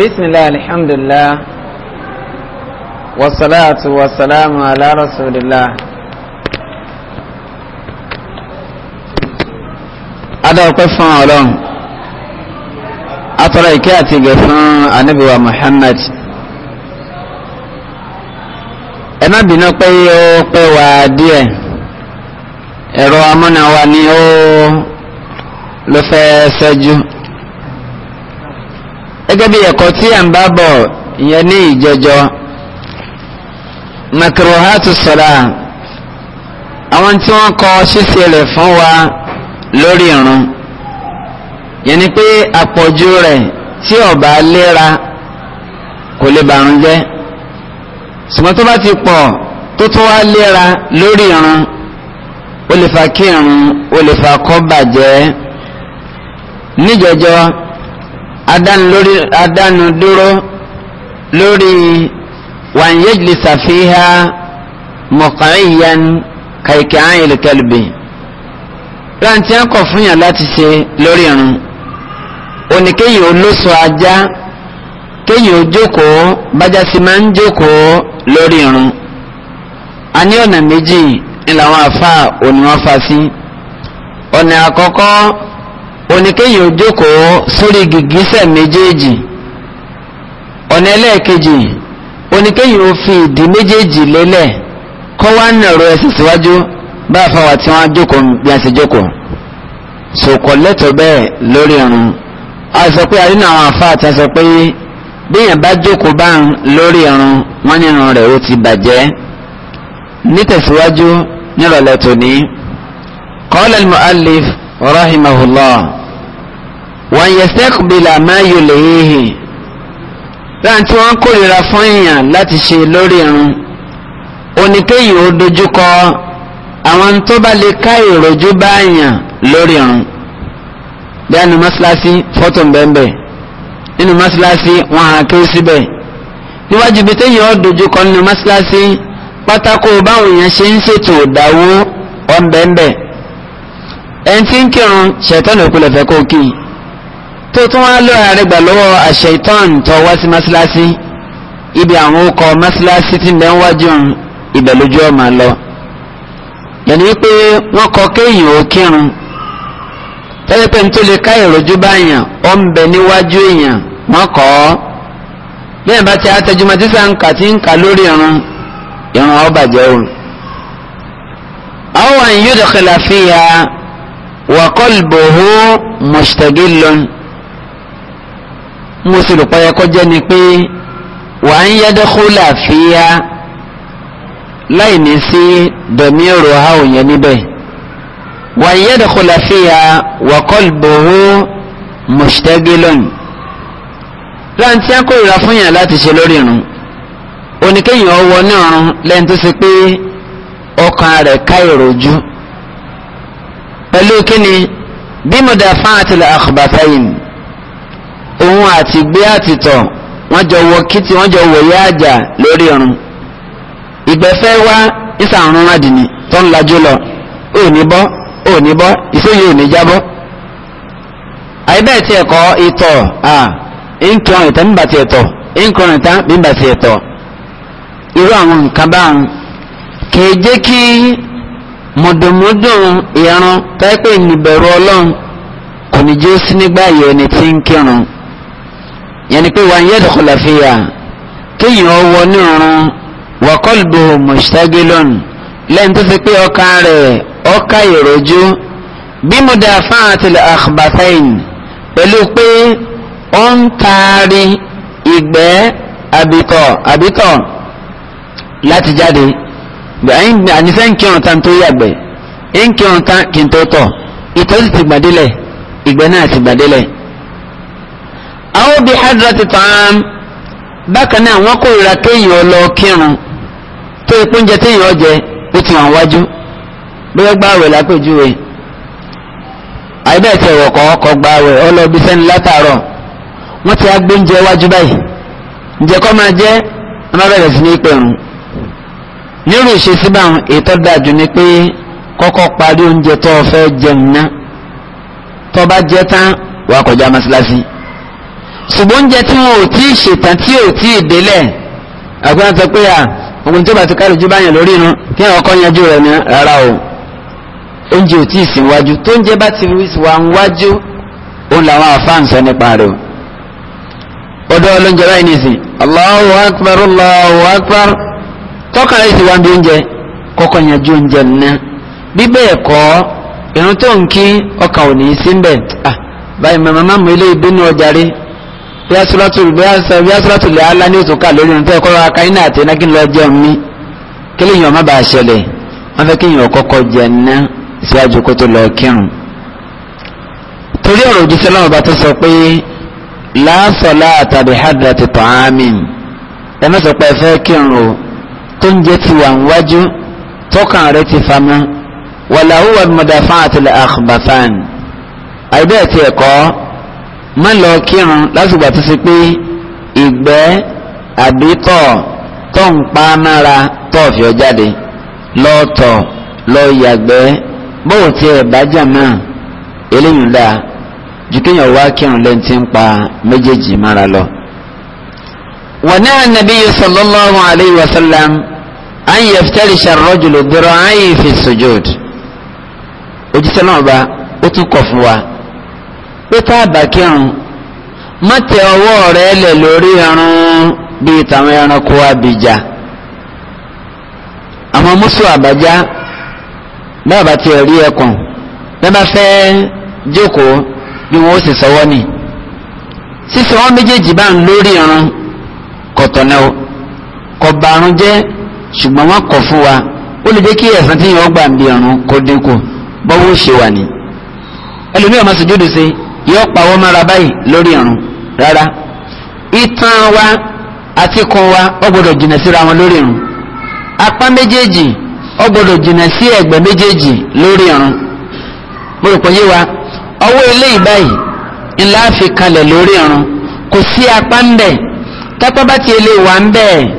بسم الله الحمد لله والصلاة والسلام على رسول الله adáwọ̀pẹ́ fún ọlọ́run atọ́rọ ìkẹ́ àti ìgẹ̀ fún anábìwá Muhammad ẹ má bínú pé ó pẹ́ wá díẹ̀ ẹ̀rọ amúnáwa ni ó ló fẹ́ ṣẹ́jú gẹ́gẹ́ bí ẹ̀kọ́ tí à ń bá bọ̀ ìyẹn ní ìjẹjọ́ makruhatu sọ̀rọ̀ àwọn tí wọ́n kọ ṣíṣe rẹ̀ fún wa lórí irun yẹn ni pé àpọ̀jù rẹ̀ tí ọ̀bà léra kò lè bàrún jẹ́ ṣùgbọ́n tó bá ti pọ̀ tó tún wá léra lórí irun ó lè fa kí irun ó lè fa kó bàjẹ́ níjẹjọ́ adánu dúró lórí wànyéjìlì sàfihà mọ̀kànlélẹ́yìn kàìkì áyìnlẹ̀ kẹlẹ́bì rántí akọ̀ fún yàn láti ṣe lórí irun oníkéyìí olóṣù ajá kéyìí ó jókòó bájá sí máa ń jókòó lórí irun a ní ọ̀nà méjì ni làwọn afa òní wọn fa sí ọ̀nà àkọ́kọ́ oníkéyìn ojókòó sórí gìgísẹ̀ méjèèjì ọ̀nà ẹlẹ́ẹ̀kejì oníkéyìn ó fi ìdí méjèèjì lélẹ̀ kọ́ wá nàró ẹsẹ̀ síwájú bá a fáwọn tí wọ́n jókòó bí a ṣe jókòó sòkò lẹ́tọ̀ bẹ́ẹ̀ lórí irun a sọ pé àdínà àwọn afá àti sọ pé bíyàn bá jókòó bá ń lórí irun wọ́n ní irun rẹ̀ ó ti bàjẹ́ nítẹ̀síwájú nírọ̀lẹ́ tòní qala al-mu'allif rahimahullah wọ́n yẹ sẹ́kùbìlà máa yò lèyìn láà tí wọ́n kórìíra fún èèyàn láti ṣe lórí irun oníkéyìn ó dojúkọ àwọn tó bá lè ká ìròjú bá èèyàn lórí irun bí a nu mọ́ṣáláṣí fọ́tò bẹ́ẹ̀ nínú mọ́ṣáláṣí wọn á ké síbẹ̀ níwájú ibi téèyàn ó dojúkọ nínú mọ́ṣáláṣí pátákó báwọn èèyàn ṣe ń ṣètò ìdáwó ọ̀nbẹ̀ńbẹ̀ ẹni tí ń kírun ṣẹ̀tọ́nù ìkulẹ̀ fẹ́ kó kí tó tún wá lọ́ra rẹ̀ gbà lọ́wọ́ àṣẹ̀tọ́n tó wá sí mọ́sálásí ibi àwọn ọkọ̀ mọ́sálásí ti ń bẹ́ ń wájú ibẹ̀ lójú ọmọ lọ yẹn ni pé wọ́n kọ kéèyàn ó kírun tẹ́lẹ̀ pé nítorí ká ìrọ̀jú bá yàn ó ń bẹ níwájú èèyàn wọ́n kọ́ ọ́ bẹ́ẹ̀ bá ti àtẹjúmọ́ tí sànkà ti ń kà lórí irun irun ó bàjẹ́ o. àwọn yóò dọ̀kẹ́lá fi ya wàkọ́lbòhó mọ̀ṣtẹ̀gílọ́n mo sì rò payẹ kọjá ni pé wà ń yá dẹ́kúlà fíyá láì ní sí dọ̀míọ̀rọ̀ ha ò yẹn níbẹ̀ wà ń yá dẹ́kúlà fíyá wàkọ́lbòhó mọ̀ṣtẹ̀gílọ́n láǹtí á kórìíra fún yàn láti ṣe lórí irun oníkéyìn ọwọ́ náà rún lẹ́yìn tó ṣe pé ọkàn rẹ̀ ká ìròjú pẹ̀lú kíni bí mudafa'atil akhbathayn òun àti gbé àtìtọ̀ wọ́n jọ wọ kìtì wọ́n jọ wọ̀ yá àjà lórí ọ̀run ìgbẹ́fẹ́ wá ìsàrún àdìní tó ń lajú lọ òní bọ́ òní bọ́ ìsóyè òní jábọ́ àìbẹ́ẹ̀ tí ẹ̀kọ́ ìtọ̀ à ìnkìrán ìtàn bíbà ti ẹ̀tọ̀ ìnkìrán ìtàn bíbà ti ẹ̀tọ̀ irú àwọn nǹkan báyìí kèé jẹ́ kí mọ̀dọ̀mọ́dọ̀ ìrun táìpẹ́ ìnìbẹ̀rù ọlọ́run kò ní jó sí nígbà yẹ ẹni tí ń kírun yẹn ni pé wà ń yẹ dọ̀kọ̀lá fi yà kéèyàn ọwọ́ ní ọ̀run wàkọ́lùbọ̀ mọ̀ṣítágélọ́n lẹ́yìn tó fi pé ọkàn rẹ̀ ọkà ìrọ̀jú bí mo dà fáwọn àtìlẹ̀ àkùbàtàyìn pẹ̀lú pé ó ń taari ìgbẹ́ àbítọ̀ àbítọ̀ láti jáde. ànífẹ́ ń kírun tán tó yàgbẹ́ ń kírun tán kí n tó tọ̀ ti gbàdélẹ̀ ìgbẹ́ náà ti gbàdélẹ̀. àwọn bíi ta'am bákan náà wọ́n kórìíra kéèyàn lọ kírun tó ipò oúnjẹ téèyàn jẹ ó ti wọ́n wájú bóyá gbààwẹ̀ lápèjúwe àìbẹ́ẹ̀ tẹ̀ wọ̀kọ̀ ọkọ̀ ọlọ́ọ̀bí sẹ́ni látàárọ̀ wọ́n ti á gbóúnjẹ wájú báyìí ǹjẹ́ kọ́ máa jẹ́ ọmọ bẹ̀rẹ̀ sí ní nírò ṣe síbà ètò dájú ni pé kọ́kọ́ parí oúnjẹ tó o fẹ́ jẹun ná tó bá jẹ tán wàá kọjá mọ́sálásí ṣùgbọ́n oúnjẹ tí wọn ò tí ì ṣètàn tí ò tí ì délẹ̀ àgbọn sọ pé à ogun tó bá ti kárí ju báyẹn lórí inú kí àwọn ọkọ yanjú rẹ̀ ní rárá o oúnjẹ ò tí ì sìn wájú tó oúnjẹ bá ti rí wà ń wájú òun làwọn àfáà ń sọ nípa rẹ̀ o ọdọ olóúnjẹ báyìí nìsín Allahu akbar Allahu akbar tọ́kàn rẹ̀ sì wá bí oúnjẹ kọ́kọ́ yanjú oúnjẹ nìyẹn bí bẹ́ẹ̀ kọ́ irun tó ń kí ọkàn ò ní sí ah báyìí màmá má mú ilé ìbínú ọjà rí bí asúlátù bí asúlátù lè ala ní òtún ká lórí irun tó ẹ̀kọ́ ra káyínà àti iná kí n lọ jẹun mí kí lèyìn ọmọ bá a ṣẹlẹ̀ wọ́n fẹ́ kí èèyàn kọ́kọ́ jẹ ná síwájú kó tó lọ kírun torí ọ̀rọ̀ òjíṣẹ́ lọ́wọ́ bá tó sọ pé la salata bi hadrati ta'amin ẹ má sọ pé fẹ́ kírun o tó ń jẹ́ ti wà níwájú tọ́kàn rẹ̀ ti fama wàláhùwà mọ̀dáfáàtìlẹ̀ àkùbàfáàn àìbẹ́ẹ̀ ti ẹ̀kọ́ má lọ kírun lásìgbà tó ṣe pé ìgbẹ́ àbítọ̀ tó ń pa mára tọ́ọ̀fì ọjáde lọ́ọ̀tọ̀ lọ yàgbẹ́ bóò tí ẹ̀ bá jàmá eléyìí dáa ju kéèyàn wá kírun lẹ́ni tí ń pa méjèèjì mára lọ. ونهى النبي صلى الله عليه وسلم أن يفترش الرجل ذراعيه في السجود òjíṣẹ́ náà bá ó tún kọ̀ fún wa pé tá a bá kírun má tẹ ọwọ́ rẹ lẹ̀ lórí ẹran bíi tàwọn ẹranko abìjà àwọn mùsù àbájá bá bá ti rí ẹkùn bẹ́ẹ̀ bá fẹ́ jókòó bí wọ́n ó sì sọ́wọ́ ni sísọ wọn méjèèjì bá ń lórí ẹran. kọ̀tọ̀nà o kọba àrùn jẹ́ ṣùgbọ́n wọn kọ fún wa ó lè jẹ́ kí ẹ̀sán tí yóò gbà ń bí ọ̀run kó dínkù bọ́wọ́ ṣe wà ní. ẹlòmíì ọmọ sùjúdù ṣe yóò pawọ́ mara báyìí lórí ọ̀run rárá itan wa àti kan wa ó gbọdọ̀ síra wọn lórí ọ̀run apá méjèèjì ó gbọdọ̀ sí ẹ̀gbẹ́ méjèèjì lórí ọ̀run mo rò pé yé tẹ́pẹ́ bá ti lè wà ń bẹ́ẹ̀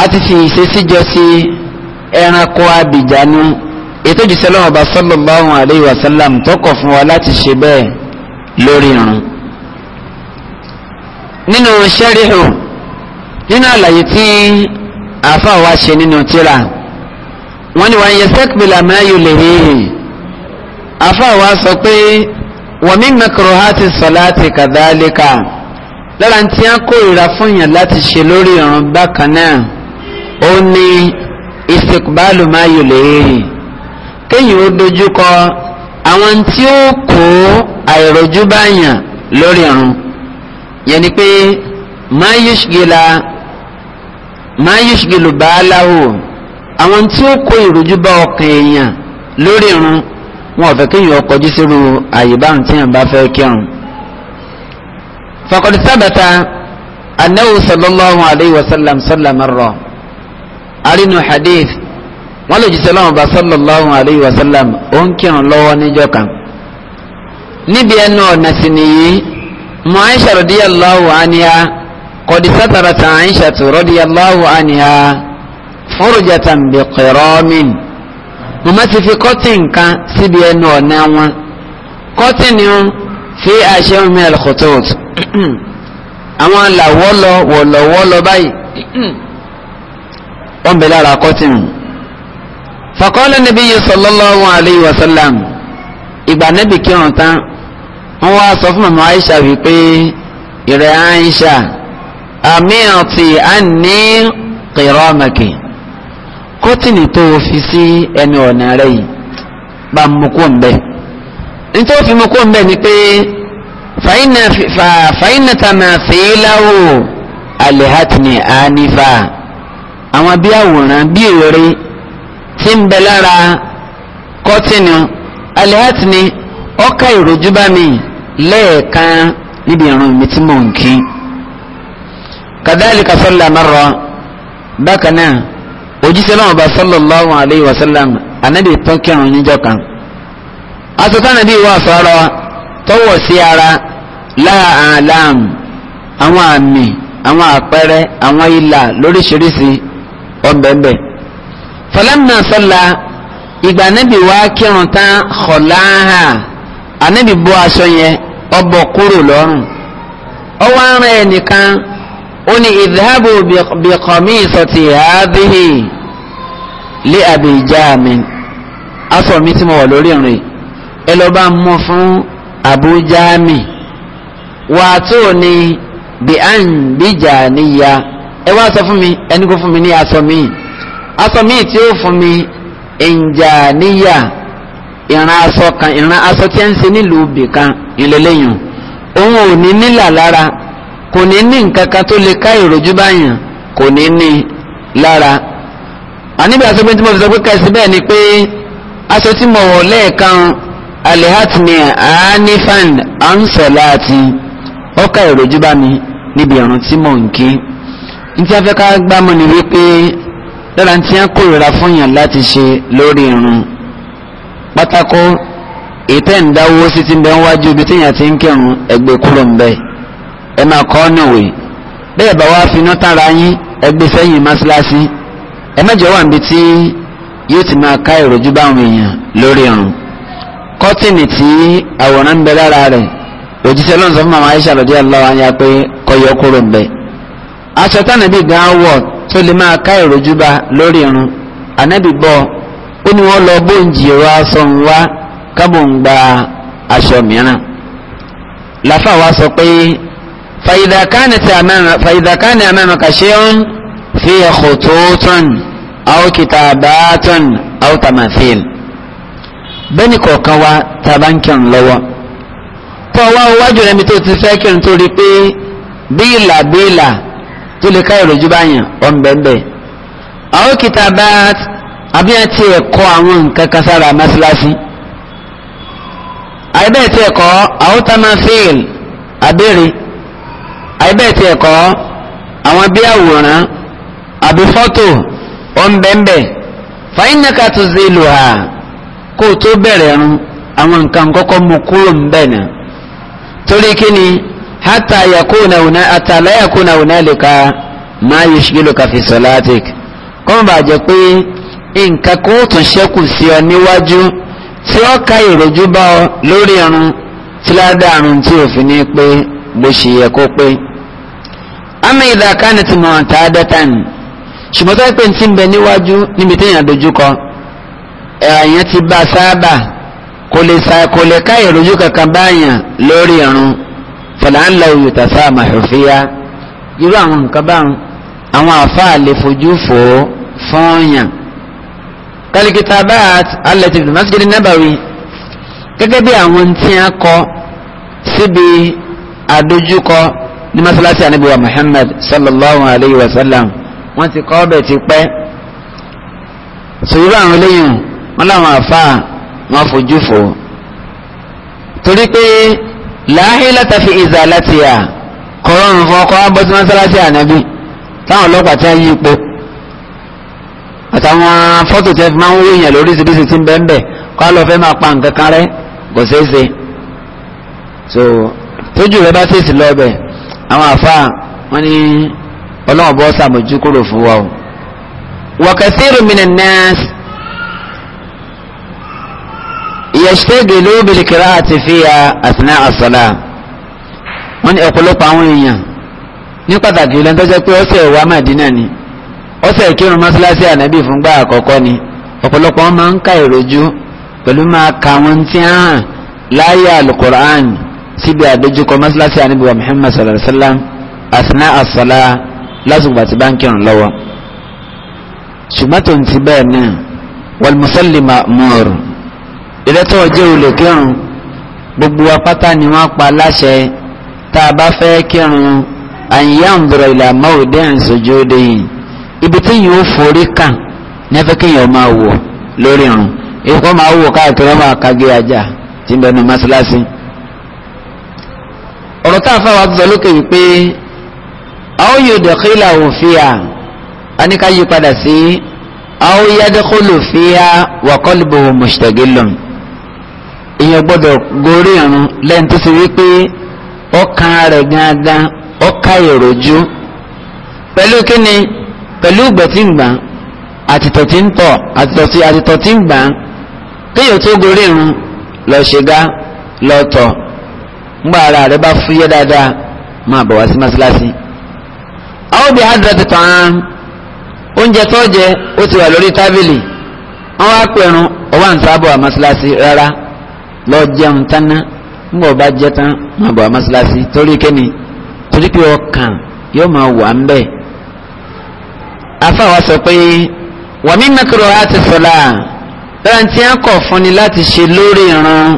a ti fi ìṣesí jọ sí ẹranko abìjánu ètò ìjíṣẹ́ lọ́wọ́ bá sallallahu alayhi sallam tọkọ̀ fún wa láti ṣe bẹ́ẹ̀ lórí irun. nínú sẹ́ríhù nínú àlàyé tí àáfà wa ṣe nínú tíra wọ́n ní wọ́n yẹ sẹ́kìbìlà mẹ́yù lè hìhì àáfà wa sọ pé wa min makruhati salati kadhalika lára tí a kórìíra fún yàn láti ṣe lórí ọ̀run bákan náà ó ní ìsìnkúbálù máa yò léèrè kéyìn ó dojúkọ àwọn tí ó kó àìròjú bá yàn lórí ọ̀run yẹn ni pé máa yíṣgìlá máa àwọn tí ó kó ìròjú bá ọkàn èèyàn lórí ọ̀run wọn ò fẹ́ kéyìn ó kọjú sírú àyè báwọn tí yàn bá fẹ́ kírun. فقد ثبت أنه صلى الله عليه وسلم صلى مرة أرنو حديث wọ́n lè jíṣẹ́ lọ́wọ́ bá sallallahu alayhi wa sallam ó ń kírun lọ́wọ́ níjọ́ kan níbi ẹnu ọ̀nà sí nìyí mọ Aisha radiyallahu anha kọ̀dí sátara tàn Aisha tó radiyallahu anha fúrùjàtàn bí qiramin mo má ti fi kọ́tìn kan síbi ẹnu ọ̀nà wọn kọ́tìn ni fi ashay'in min al-khutut. àwọn làwọ́lọ wọ̀lọ̀wọ́lọ báyìí wọ́n bẹ̀ lára kọ́tìmù fàkọ́lẹ̀ níbi yìí sallallahu alayhi wa sallam ìgbà níbi kírun tán wọ́n wá sọ fún màmá Aisha wípé ìrẹ̀ Aisha àmìọ̀tì àní kìrọ́mẹ̀kì kọ́tìnì tó fi sí ẹnu ọ̀nà rẹ̀ yìí bá mú kó ń bẹ̀ nítorí fi mú kó ń bẹ̀ ni pé fàyínà tàmàfìláwò alẹ́hàtìní ànífà àwọn bí àwòrán bí èrè tí ń bẹ lára kọ́tìnì alẹ́hàtìní ọkà ìrojú bá mi lẹ́ẹ̀kan níbi ìrun mi tí mò ń kí kàdáàlì kàfọ́lá márọ̀ bákan náà òjíṣẹ́ náà bá sallallahu alayhi wa sallam ànábì tó kírun níjọ́ kan asọ̀tàn nàbí wà sọ̀rọ̀ tọ́wọ̀ sí ara láàlám àwọn àmì àwọn àpẹẹrẹ àwọn ìlà lóríṣiríṣi ọ̀bẹ̀bẹ̀ falamma salla ìgbà anábì wá kírun tán kọ̀láhà anábì bọ́ aṣọ yẹn ọbọ̀ kúrò lọ́rùn ọwọ́ ara ẹnìkan ó ní ìdáàbò bìkọ̀mí ìsọ̀tì àádìhì lé àbíjáàmì aṣọ mi tí mo wà lórí rìn ẹ lọ bá fún abu jami wàtó ni bí an bíjà níya ẹ wá sọ fún mi ẹni kó fún mi ní aṣọ mi aṣọ mi tí ó fún mi ìjà níya ìran aṣọ kan ìran aṣọ tí ń ṣe nílùú bì kan ìlẹlẹyìn òun ò ní nílà lára kò ní ní nǹkan kan tó lè ká ìròjú báyàn kò ní ní lára àníbi aṣọ pé tí mo fi sọ pé kẹsì bẹ́ẹ̀ ni pé aṣọ tí mo wọ̀ lẹ́ẹ̀kan alihatni anifan ansolati ọkà ìròjú bá mi níbi ìrun tí mò ń kí ntí a fẹ́ ká gbámọ́ ni wípé lára ntí a kórìíra fún yàn láti ṣe lórí ìrun pátákó ìtẹ́ ìdáwó sí ti ń bẹ wájú ibi téèyàn ti ń kírun ẹgbẹ́ kúrò ń bẹ ẹ máa kọ́ níwèé bẹ́ẹ̀ bá wá finá tára yín ẹgbẹ́ sẹ́yìn mọ́ṣáláṣí ẹ mẹ́jọ wà níbi tí yóò ti máa ká ìròjú báwọn èèyàn lórí ìrun kọ́tìnì tí àwòrán ń bẹ lára rẹ̀ òjíṣẹ́ lọ́nà sọ fún màmá Aisha radiyallahu anha pé kọyọ kúrò ń bẹ aṣọ tánàbí gan wọ̀ tó lè máa ká ìrojú bá lórí irun ànábì bọ́ ó ní wọ́n lọ bóńjì ìrọ̀ aṣọ ń wá kábò ń gba aṣọ mìíràn láfà wa sọ pé fàyídàkánì àmẹ́mẹ́ka ṣe ń fi ẹ̀kọ́ tó tán àwọn kìtàbá tán àwọn tàmáfíìlì bẹ́ẹ̀ni kọ̀ọ̀kan wa ta bá ń kírun lọ́wọ́ tó wá wájú rẹ̀ mi tó ti fẹ́ kírun tó rí pé bíìlà bíìlà tó lè ká ìròjú báyàn ọ̀nbẹ̀ẹ̀bẹ̀ àwọn kìtà bá àbí ẹ̀ tí ẹ̀ kọ́ àwọn nǹkan kan sára mọ́síláṣí àìbẹ́ẹ̀ tí ẹ̀ àwọn tá fíìl àbẹ́rẹ́ àìbẹ́ẹ̀ tí ẹ̀ àwọn bí àwòrán àbí fọ́tò ọ̀nbẹ̀ẹ̀bẹ̀ fàyínnàkà tó zèlò hà. kó o tó bẹ̀rẹ̀ ẹ̀rùn àwọn nǹkan kọ́kọ́ mú kúrò ń bẹ̀ náà torí kí ni na yakuna lè ka máa yẹ ṣílò káfí kọ́mọ̀ bá jẹ́ pé nǹkan kó o tún ṣẹ́kù sí ọ níwájú tí ó ka ìròjú bá ọ lórí ẹ̀rùn tí ládàá tí òfin ní pé bó ṣe yẹ kó pé. a dẹ́tàn ṣùgbọ́n tó ní ti ń bẹ níwájú níbi ẹ̀yàn ti bá sábà kò lè sa kò lè ká ìròyìn kankan báyàn lórí irun fàlànlá òyòtà sáàmà ṣòfíà irú àwọn nǹkan báwọn àwọn àfáà lè fojú fò ó fọ́ọ̀yàn. kálíkítà bá alẹ́tì masjid nabawi gẹ́gẹ́ bí àwọn tí a kọ síbi àdójúkọ ní masalasi anabiwa muhammad sallallahu alayhi wa sallam wọ́n ti kọ́ ọ́ bẹ̀ ti pẹ́ sòwúrọ̀ àwọn eléyìí wọn làwọn àfáà wọn fojú fò torí pé láàyè látàfi ìzà láti yà kọrọrùn fún ọkọ abọ́sí mọ́sálásí ànábì táwọn ọlọ́pàá tí a yí ipò àtàwọn fọ́tò tẹ́ fi máa ń wéyàn lóríṣiríṣi tí ń bẹ́ẹ̀ bẹ́ẹ̀ kọ́ á fẹ́ máa pa nǹkan kan rẹ́ kò ṣeé ṣe so tójú rẹ bá tèsí lọ́bẹ̀ àwọn àfáà wọn ní ọlọ́wọ́n bọ́ sàmójú kúrò fún wa o. wọ́kẹ́sí rúmìnà nẹ́ẹ̀sì yẹ̀sítẹ́gẹ̀lẹ́ obìnrin àti fíya àtìná àsọ̀lá wọ́n ní ọ̀pọ̀lọpọ̀ àwọn èèyàn ní pàtàkì ìlànà tó jẹ́ pé ọ̀sẹ̀ wa Mádínà ni ọ̀sẹ̀ kírun mọ́sálásí ànábì fúngbà àkọ́kọ́ ni ọ̀pọ̀lọpọ̀ wọn máa ń ka ìrojú pẹ̀lú máa ka wọn tí a hàn láyé alukur'an síbi àdójúkọ mọ́sálásí ànábì wa Muhammad sallallahu alayhi wa sallam àtìná àsọ̀lá lásìkò àti báńkì ń ti bẹ́ẹ̀ ìrẹ́tọ̀ ọjẹ́ olè kírun gbogbo apáta ni wọ́n pa láṣẹ tá a bá fẹ́ kírun àyíyá ń bọ̀rọ̀ ìlà mọ́òdé àǹsọ̀jọ́ òde yìí ibi tí yìí ó forí kàn ní afẹ́ kéèyàn máa wọ̀ lórí irun èkó máa wọ̀ káàkiri ọmọ àkàgé ajá tí ń bẹnu mọ́ṣáláṣí. ọ̀rọ̀ tá a fáwọn àtúntò lókè yìí pé àwọn yóò dẹ̀kílà òfin à á ní ká yí padà sí àwọn yá dẹ́kọ́lù fíà wà kọ́lùbù mùsùtẹ̀gẹ́lọ́nù. ìyẹn gbọ́dọ̀ gorí ọ̀run lẹ́yìn tó ti wípé ọkàn rẹ̀ gangan ọkà ìròjú pẹ̀lú kíni pẹ̀lú ìgbẹ̀tí àtìtọ̀ tí ń tọ̀ àtìtọ̀ tí ń gbà kéèyàn gorí ọ̀run lọ lọ tọ̀ ńgbà ara rẹ̀ bá fúyẹ́ dáadáa máa bọ̀ wá sí mọ́sálásí. àwọn obìnrin àdúrà ti oúnjẹ tó jẹ ó ti wà lórí tábìlì wọn wá lọ jẹun tánná ńgbọ̀ bá jẹ tán máa bọ̀ amásíláṣí torí kẹ́ni torí pé ọkàn yóò máa wà ń bẹ̀. afáwa sọ pé wàmí nàkúrò àti sọlá lọ́la tí fún ni láti ṣe lórí ìran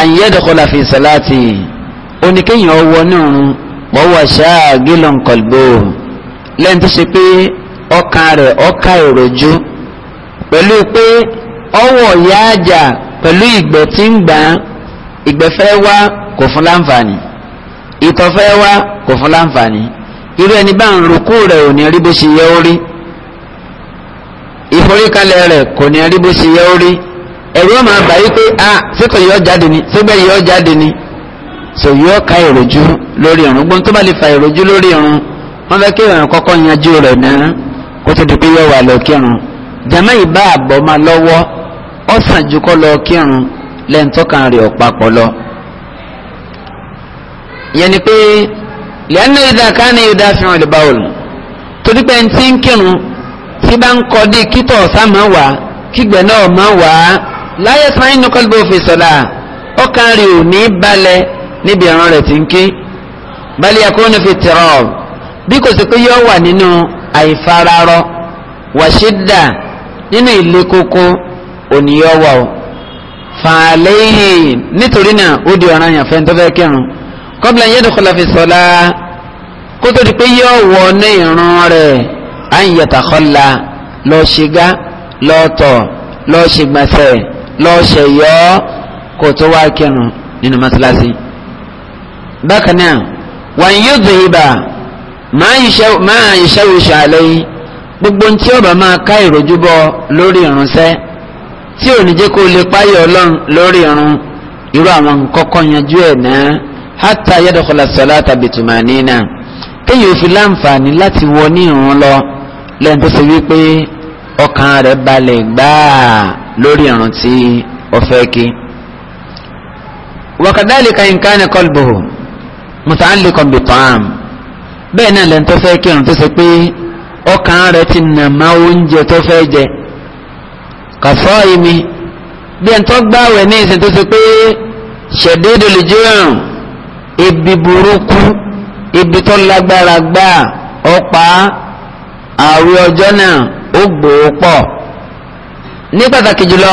àyẹ̀dẹ̀kọ́lá fi sọláàtì oníkéyìn ọwọ́ nírun wọ́n wà ṣáà gílọ̀n kọ̀lbó lẹ́yìn tó ṣe pé ọkàn rẹ̀ ọkà èròjú pẹ̀lú pé ọwọ́ yáàjà pẹ̀lú ìgbẹ́ tí ń gbà ìgbẹ́ fẹ́ wá kò fún láǹfààní ìtọ̀ fẹ́ wá kò fún láǹfààní irú ẹni bá ń rúkú rẹ̀ ò ní rí bó ṣe yẹ ó rí ìforíkalẹ̀ rẹ̀ kò ní rí bó ṣe yẹ ó rí ẹ̀rú ọmọ àbá pé a ah, fẹ́kọ̀ yọ jáde ni fẹ́gbẹ́ yọ jáde ni sọ yọ ká ìròjú lórí irun gbọ́n tó bá lè fa ìròjú lórí irun wọ́n fẹ́ kí ìrìn kọ́kọ́ yanjú rẹ̀ náà kó tó di pé yọ wà lọ kírun jàmá ìbá àbọ̀ máa lọ́wọ́ ó sàn ju kọ́ lọ kírun lẹ́ńtọ́kàn rẹ̀ ọ̀pápọ̀ lọ. ìyẹn ni pé lẹ́nu ìdá kánú ìdá fihàn ìlú báwò lù torí pé ẹni tí ń kírun tí bá ń kọ́ dé kítọ̀ ọ̀sán máa wà kígbẹ́ náà máa wà á láyé sáyìn ní kọ́lùbọ̀ òfin ọkàn rẹ̀ ò ní balẹ̀ níbi ìran rẹ̀ ti ń kí balẹ̀ akóni fi tẹ̀rọ̀ bí kò sí pé yọ wà nínú àìfararọ wàṣídà nínú ìlé kókó oníyọ́wà o fàlẹ́yìn nítorí náà ó di ọ̀ràn yàn fẹ́ntọ́ fẹ́ kírun kọ́bìlà yẹ́dù kọlọ́fì sọ́lá kó tó di pé yọ wọ ní ìrun rẹ̀ à ń yàtà kọ́lá lọ ṣìgá lọ tọ̀ lọ ṣègbàsẹ̀ lọ ṣẹ̀yọ́ kó tó wá kírun nínú mọ́tíláṣí. bákan náà wọ́n yóò dùn ibà máa ìṣẹ́wìṣẹ́ àlẹ́ yìí gbogbo ntí ọba máa ká ìròjú bọ lórí ìrúnṣẹ́ tí ò ní jẹ́ kó lè páyọ̀ ọlọ́run lórí irun irú àwọn kọ́kọ́ yanjú ẹ̀ náà hátà yẹ́dọ̀kọ̀lá sọ̀lá tàbí tùmà nínà kéyìí ò fi láǹfààní láti wọ ní irun lọ lẹ́yìn tó ṣe wípé ọkàn rẹ̀ balẹ̀ gbáà lórí irun tí ó fẹ́ kí. wakadhalika in kana qalbuhu muta'alliqan bi ta'am bẹ́ẹ̀ náà lẹ́yìn tó fẹ́ kí irun tó ṣe pé ọkàn rẹ̀ ti nà má oúnjẹ tó fẹ́ jẹ kàfọ́ ìmí bí ẹn tó gbáwẹ̀ ní ìsìn tó ṣe pé ṣẹ̀dédé lè jẹ́ ẹ̀rùn ibi burúkú ibi tó lágbára gbà ọ̀pá àwẹ̀ ọjọ́ náà ó gbòó pọ̀ ní pàtàkì jùlọ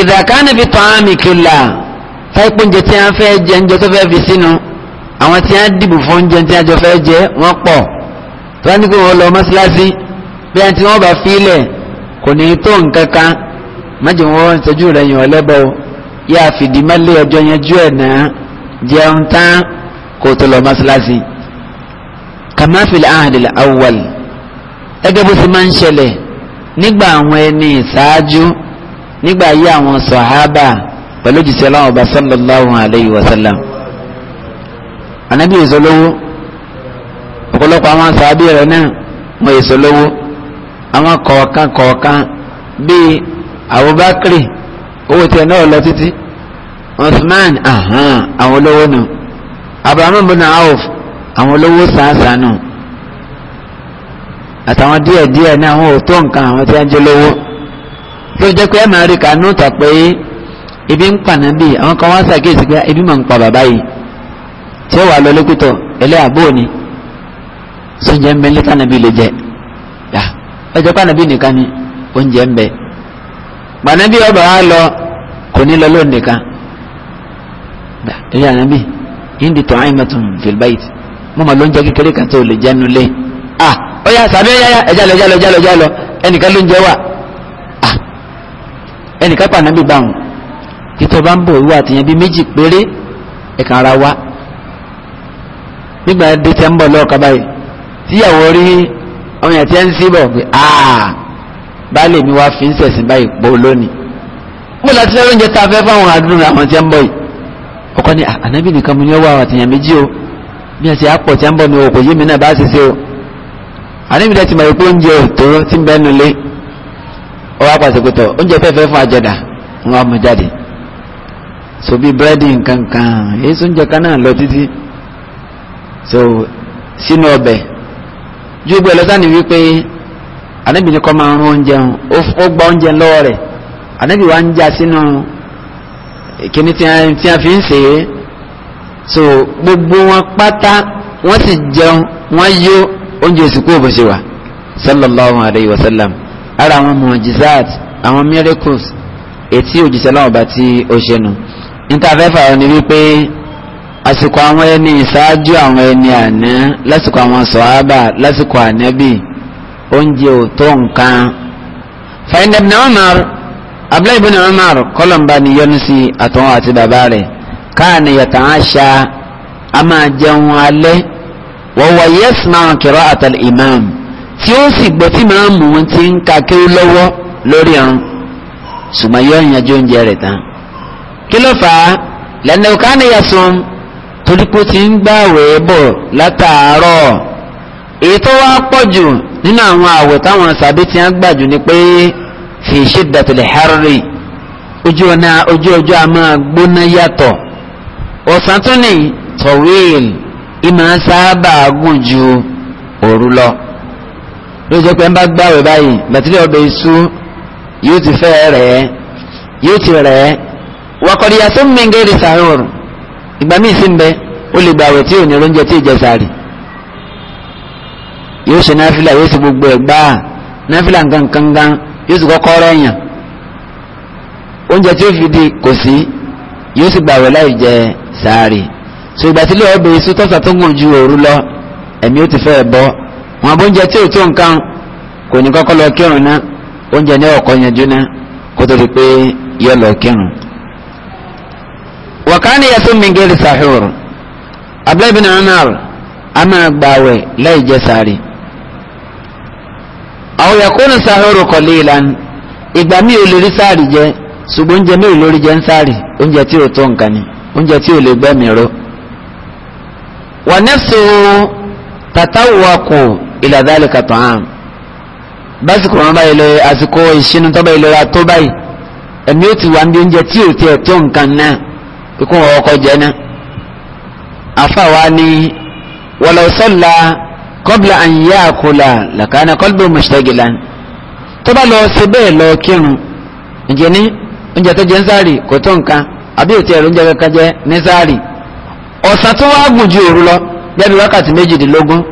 ìdàkánìfi tọ́ àmì kìlà táìpóúnjẹ tí a fẹ́ jẹ oúnjẹ tó fẹ́ fi sínú àwọn tí a dìbò fún oúnjẹ tí a jọ fẹ́ jẹ wọ́n pọ̀ tó bá ní kí wọ́n lọ mọ́síláṣí bí a ti wọ́n bá fi kò ní tó nǹkan kan májèmọ wọn tọ́jú rẹ yàn ọlẹbọ yá fìdí mẹlẹ ọjọ́ yẹn jú ẹ náà jẹun tán kó tó lọ mọ́ṣáláṣí kàmáfìlì ahadìlẹ awwal ẹgẹ́ bó ti máa ń ṣẹlẹ̀ nígbà àwọn ẹni ìṣáájú nígbà ayé àwọn sọ̀hábà pẹ̀lú jìṣẹ́ láwọn ọba sallallahu alayhi wa ànábì èso ọ̀pọ̀lọpọ̀ àwọn sàábì rẹ̀ náà wọ́n èso àwọn kọ̀ọ̀kan kọ̀ọ̀kan bíi Abubakar owó tiẹ̀ náà lọ títí Usman ahan àwọn olówó nù Abraham bin Auf àwọn olówó sàǹsàn nù àtàwọn díẹ̀ díẹ̀ ní àwọn òótọ́ nǹkan àwọn tí wọ́n jẹ́ lówó tó jẹ́ pé ẹ máa rí kànú tà pé ebi ń pa nàbí àwọn kan wá ṣàkíyèsí pé ebi máa ń pa bàbá yìí tí ó wà lọ lókùtọ̀ ẹlẹ́yàbó ni sójà ń bẹ níta lè jẹ yàá ọjọ́ pànàbí nìkan ni oúnjẹ ń bẹ gbànàbí ọba wa lọ kò ní lọ lóun nìkan ilé ànábì indi tó àìmọ̀tún filbait mo mọ̀ lóúnjẹ kékeré kan tó lè jẹnu lé ah ó yà sàbẹ̀ yáyà ẹja lọ ẹja lọ ẹja lọ ẹja lọ ẹnìkan lóúnjẹ wà ah ẹnìkan pànàbí báwọn títọ́ bá ń bọ̀ wíwá àtìyàn bíi méjì péré ẹ̀kan ara wa nígbà dé tẹ́ ń bọ̀ lọ́ọ̀ká báyìí tíyàwó rí àwọn èèyàn ti ń síbọ̀ pé baálé mi wá fi ń sẹ̀sìn báyìí pọ̀ lónìí mo láti lẹ́rọ oúnjẹ tá a fẹ́ fáwọn àdúrà àwọn tí ń bọ̀ yìí ọkọ ni ànábì nìkan mo ní ọwọ́ àwọn àtìyàn méjì o bí ẹ ṣe àpọ̀ tí ń bọ̀ mi ò kò yé mi náà bá ṣe ṣe o ànábì dẹ́ ti mọ̀ pé oúnjẹ òtó ti ń bẹ́ nu lé ọwọ́ apàṣẹpẹ̀tọ̀ oúnjẹ fẹ́fẹ́ fún àjọdà wọn á mú jáde so bí búrẹ́dì nǹkan kan èyí oúnjẹ kan náà lọ títí so sínú ọbẹ̀ ju gbogbo ẹlọsán ni wípé anabi ni kọ́ máa ń rún oúnjẹ ó gba oúnjẹ lọ́wọ́ rẹ̀ anabi wa ń já sínú kíní tí a fi ń sè so gbogbo wọn pátá wọ́n sì jẹun wọ́n yó oúnjẹ òsìkú òbòṣe wa sallallahu alayhi wa sallam ara àwọn mujizat àwọn miracles ètí òjìṣẹ́ lọ́wọ́ bá ti ó ṣe nu níta fà ọ́ ni wípé àsìkò àwọn ẹni ìṣáájú àwọn ẹni àná lásìkò àwọn sọ̀hábà lásìkò ànábì oúnjẹ ò tó nǹkan. fàyínà ibn Umar abdullahi ibn Umar kọlọmba ni yọnu sí àtọwọn àti bàbá rẹ̀ káàní yàtọ̀ àṣà a máa jẹun alẹ́ wọ́n wá yasma'u qira'ata al-imam tí ó sì gbọ́ tí màá mú un ti ń ka kéwú lọ́wọ́ lórí ọ̀run ṣùgbọ́n yóò yanjú rẹ̀ tán kí ló fà á lẹ́nu káàní yasum torí pé ó ti ń gbààwẹ̀ bọ̀ látàárọ̀ èyí tó wá pọ̀ jù nínú àwọn àwẹ̀ táwọn sàbí ti ń gbà jù ni pé fi shiddatil harri ojú ọ̀nà ojú ọjọ́ a máa gbóná yàtọ̀ ọ̀sán tún ní tọ̀wéèl ìmọ̀ sábà gùn ju òru lọ ló jẹ́ pé ń bá gbààwẹ̀ báyìí bàtílẹ̀ ọbẹ̀ iṣu yóò ti fẹ́ rẹ̀ yóò ti rẹ̀ waqad yasum min ghairi sahur ìgbà míì sí ń bẹ ó lè gbàwẹ̀ tí ò ní oúnjẹ tí ìjẹ sààrì yóò ṣe náfìlà yóò ṣe gbogbo ẹ̀ gbáà náfìlà nkankangan yóò sì kọ́kọ́ rẹ̀yàn oúnjẹ tí ó fi di kò sí yóò sì gbàwẹ̀ láì jẹ sààrì so ìgbà tí ọbẹ̀ yìí tọ́sà tó gùn ju òru lọ ẹ̀mí ó ti fẹ́ bọ́ wọn abóúnjẹ tí ò tó nǹkan kò ní kọ́kọ́ lọ kírun ná oúnjẹ ní ọ̀kọ́ yẹn jóná kó tó di pé yọ lọ kírun. وكان يصوم من غير سحور abdullahi bin anar a máa gbààwẹ̀ láì jẹ sààrì àwọn yakuna sahuru qalilan ìgbà mi ò lè rí sààrì jẹ ṣùgbọ́n oúnjẹ mi ò lórí jẹ ń sààrì oúnjẹ tí ò tó nǹkan ni oúnjẹ tí ò lè gbẹ́ mi ró. wa nafsuhu tatawwaqu ila dhalika ta'am básìkò wọn báyìí lọ àsìkò ìṣinú tó báyìí lọ ra tó báyìí ẹ̀mí ò ti wà ní oúnjẹ tí ò tiẹ̀ tó nǹkan náà ikú wọn ọkọ jẹ ná afáwa ni wọlọsọlá kọbla ànyá àkọlà làkàna kọlbù mùsítẹgìlà tó bá lọ ṣe bẹ́ẹ̀ lọ kírun ǹjẹ́ ní oúnjẹ tó jẹ ń sáré kò tó nǹkan àbí òtí ẹ̀rọ oúnjẹ kankan jẹ ní sáré ọ̀sán tó wá gùn ju òru lọ jẹ́bi wákàtí méjìdínlógún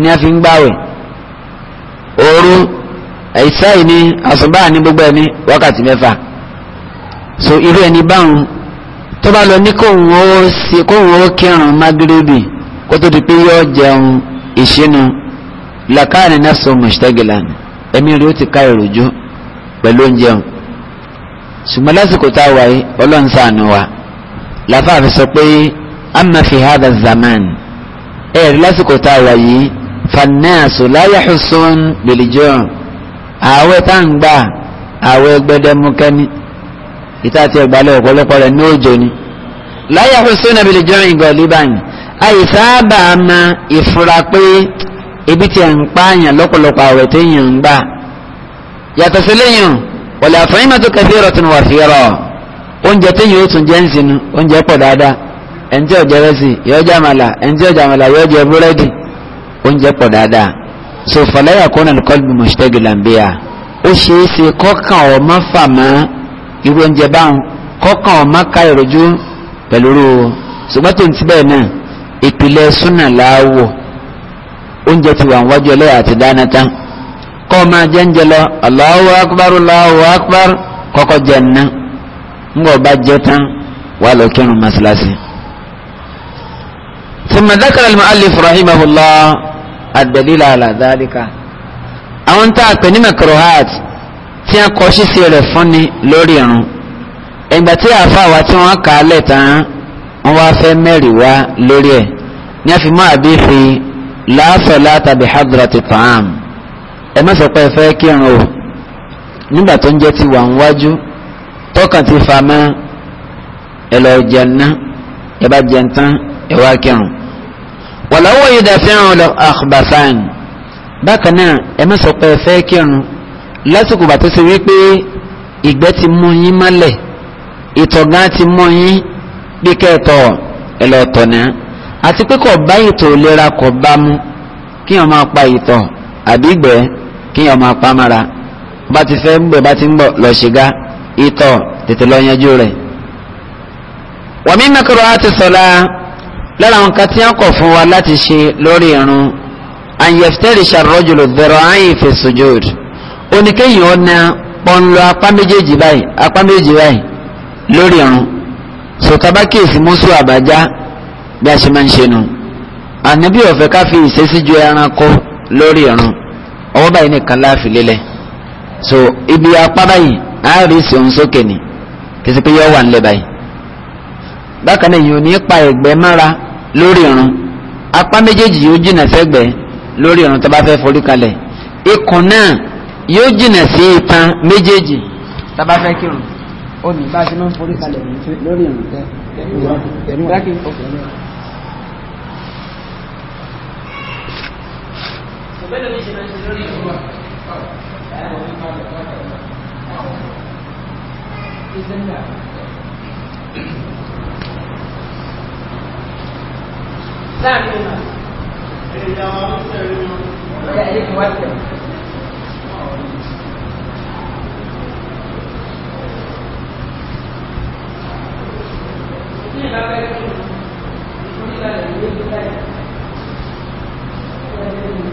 ni a fi ń gbáwẹ̀ òru àìsáì ní àsùnbáà ní gbogbo ẹni wákàtí mẹ́fà so irú ẹni báwọn tó bá lọ ní kóhùn ó sí kóhùn ó kírun magrebi kó tó di pé yóò jẹun ìṣínú làkàní nafsu mushtagilan ẹ̀mí rẹ̀ ó ti ká ìròjú pẹ̀lú oúnjẹun ṣùgbọ́n lásìkò tá a wà yìí ọlọ́run ṣàánú wa làfáà sọ pé amma hada zaman ẹ̀rí lásìkò tá a wà yìí fannasu la yahsun bilijọ́ ààwẹ̀ tá gbẹdẹmukẹ́ni ìta àti ẹgbàlẹ̀ ọ̀pọ̀lọpọ̀ rẹ̀ ní òjò ni láyà hussein abilé jẹ́ ìgọ̀lì báyìí àìsáàbà ma ìfura pé ebi ti ń pààyàn lọ́pọ̀lọpọ̀ àwẹ̀ tó yàn ń gbà yàtọ̀ sí lẹ́yìn wọ̀lẹ̀ àfẹ́yìn mẹ́tò kẹfì rọ̀ tún wà fi rọ̀ oúnjẹ tó yàn ó tún jẹ́ ń sinú oúnjẹ pọ̀ dáadáa ẹni tí ọ̀jẹ̀ rẹ̀ sì yọ irú oúnjẹ báwọn kọ́kàn ọ̀ma ká ìrọ̀jú pẹ̀lú rú o ṣùgbọ́n tó ń ti bẹ́ẹ̀ náà ìpìlẹ̀ súnà láàwọ̀ oúnjẹ ti wà wájú ẹlẹ́yà àti dáná tán kọ́ ọ máa jẹ́ ń jẹ lọ Allahu akbar Allahu akbar kọ́kọ́ jẹ ńná ńgbọ́ bá jẹ tán wà lọ kírun mọ́ṣáláṣí. thumma dhakara al-mu'allif rahimahullah ad-dalila ala àwọn tá a pè ní makruhat tí a kọ ṣíṣe rẹ̀ fún ni lórí irun ìgbà tí àáfàá wa tí wọ́n kà á lẹ̀ tán wọ́n wá fẹ́ mẹ́rin wá lórí ẹ̀ ní a fi mọ́ àbí fi láàfẹ́ látàbí hadrati ta'am ẹ má sọ pé ẹ fẹ́ kírun o nígbà tó ń jẹ́ ti wà ń wájú tọkàn ti fa mọ́ ẹ lọ jẹun ná ẹ bá jẹun tán ẹ wá kírun wàlọ́wọ́ yìí dàfẹ́ hàn lọ bákan náà ẹ má sọ pé ẹ fẹ́ kírun lásìkò bàtó ṣe wípé ìgbẹ́ ti mú yín mọ́lẹ̀ ìtọ̀gá ti mú yín bí kẹ́ẹ̀tọ̀ ẹlọ́tọ̀ náà àti pé kò bá ìtọ̀ ìlera kò bá mu kí wọ́n máa pa ìtọ̀ àbí ìgbẹ́ kí wọ́n máa pa mára bá ti fẹ́ gbẹ bá ti ń bọ̀ lọ ṣìgá ìtọ̀ tètè lọ yanjú rẹ̀. wọ́n mi nàkúrò á ti sọ̀la lára àwọn kan tí wọ́n kọ̀ fún wa láti ṣe lórí irun àyẹ̀fẹ́rì ṣàròjùlù dẹ̀rọ̀ àyìn fi oníkéyìn ọ̀nà pọ̀nlọ apá méjèèjì báyìí apá méjèèjì báyìí lórí ọ̀run sọ̀tàbákìsì mọ́sù àbájá bí a ṣe máa ń ṣe nù ànábì ọ̀fẹ́ ká fi ìṣesí ju ẹranko lórí ọ̀run ọwọ́ báyìí nìkan láàfin lélẹ̀ so ibi apá báyìí àárí ìṣòun sókè ni kì í ṣe pé yọ wà nílẹ̀ báyìí bákan náà yìí ò ní pa ẹ̀gbẹ́ mára lórí ọ̀run apá méjèèjì yóò jìnà sẹ́gbẹ̀ẹ́ lórí ọ̀run tó bá fẹ́ forí kalẹ̀ ikùn náà yóò jìnà sí itan méjèèjì tábà fẹ́ kírun ó ní bá a ṣe máa ń forí kalẹ̀ lórí ìrùn tẹ́ ẹ̀rù wá kí n kọkàn náà. láàrin ìgbà 你那边？你那边？你那边？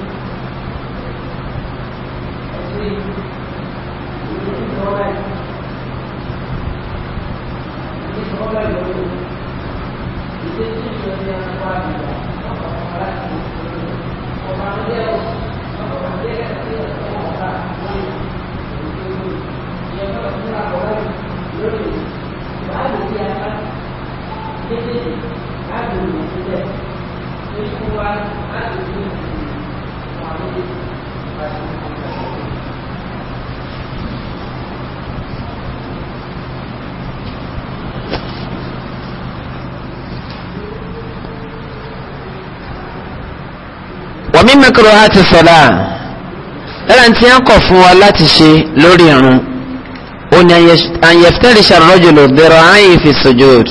mẹ́kọ̀rọ̀ ati ti sọ̀lá lára tí a ń kọ̀ fún wa láti ṣe lórí irun ó ní àyẹ̀fẹ́rì ṣàròjò lò bẹ̀rọ̀ àyè fi sujud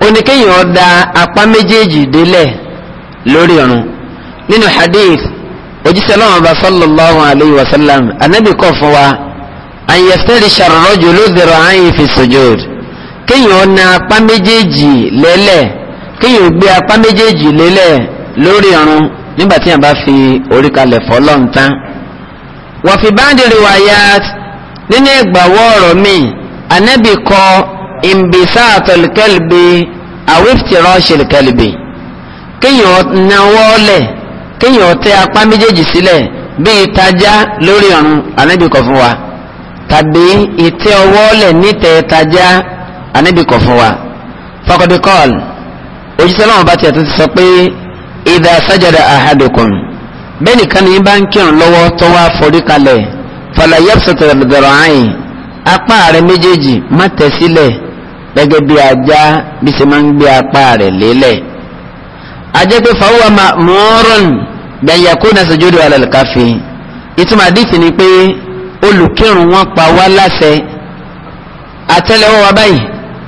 ó ní kéèyàn da apá méjèèjì délẹ̀ lórí irun nínú hadith ojúṣe lọ́wọ́n bá sallallahu alayhi wa sallam anábì kọ̀ fún wa àyẹ̀fẹ́rì ṣàròjò lò bẹ̀rọ̀ àyè fi sujud kéèyàn ó na apá méjèèjì lélẹ̀ kéèyàn gbé apá méjèèjì lélẹ̀ lórí irun nígbà tí yàn bá fi orí kalẹ̀ fọlọ́n tán wàfi báńdì riwayat nínú ìgbàwọ́ ọ̀rọ̀ mi anabi kọ ìmbìsá àtọ̀lùkẹ́lùbì àwífìtìrọ̀ ṣèlùkẹ́lùbì kéèyàn náwó lẹ̀ kéèyàn tẹ apá méjèèjì sílẹ̀ bí ìtajà lórí ọ̀run anabi kọ fún wa tàbí ìtẹ ọwọ́ lẹ̀ nítẹ̀ ìtajà anabi kọ fún wa fọkọdé kọ́ọ̀lù òjíṣẹ́ náà bá tiẹ̀ tó ti sọ pé ìdá sájàdà àhàdùkùn bẹ́ẹ̀ni kan ní bá ń kírun lọ́wọ́ tó wá forí kalẹ̀ fàlàyẹ́pùsọ̀tò dọ̀rọ̀ àyìn apá rẹ̀ méjèèjì má tẹ̀ sílẹ̀ gẹ́gẹ́ bí ajá bí ṣe máa ń gbé apá rẹ̀ lélẹ̀ ajẹ́ pé fàwọn mọ́ọ́rùn bẹ̀yà kó náà sojúdò alàlùkáfí ìtumọ̀ àdìsí ni pé olùkírun wọn pa wá láṣẹ àtẹ́lẹwọ́ wa báyìí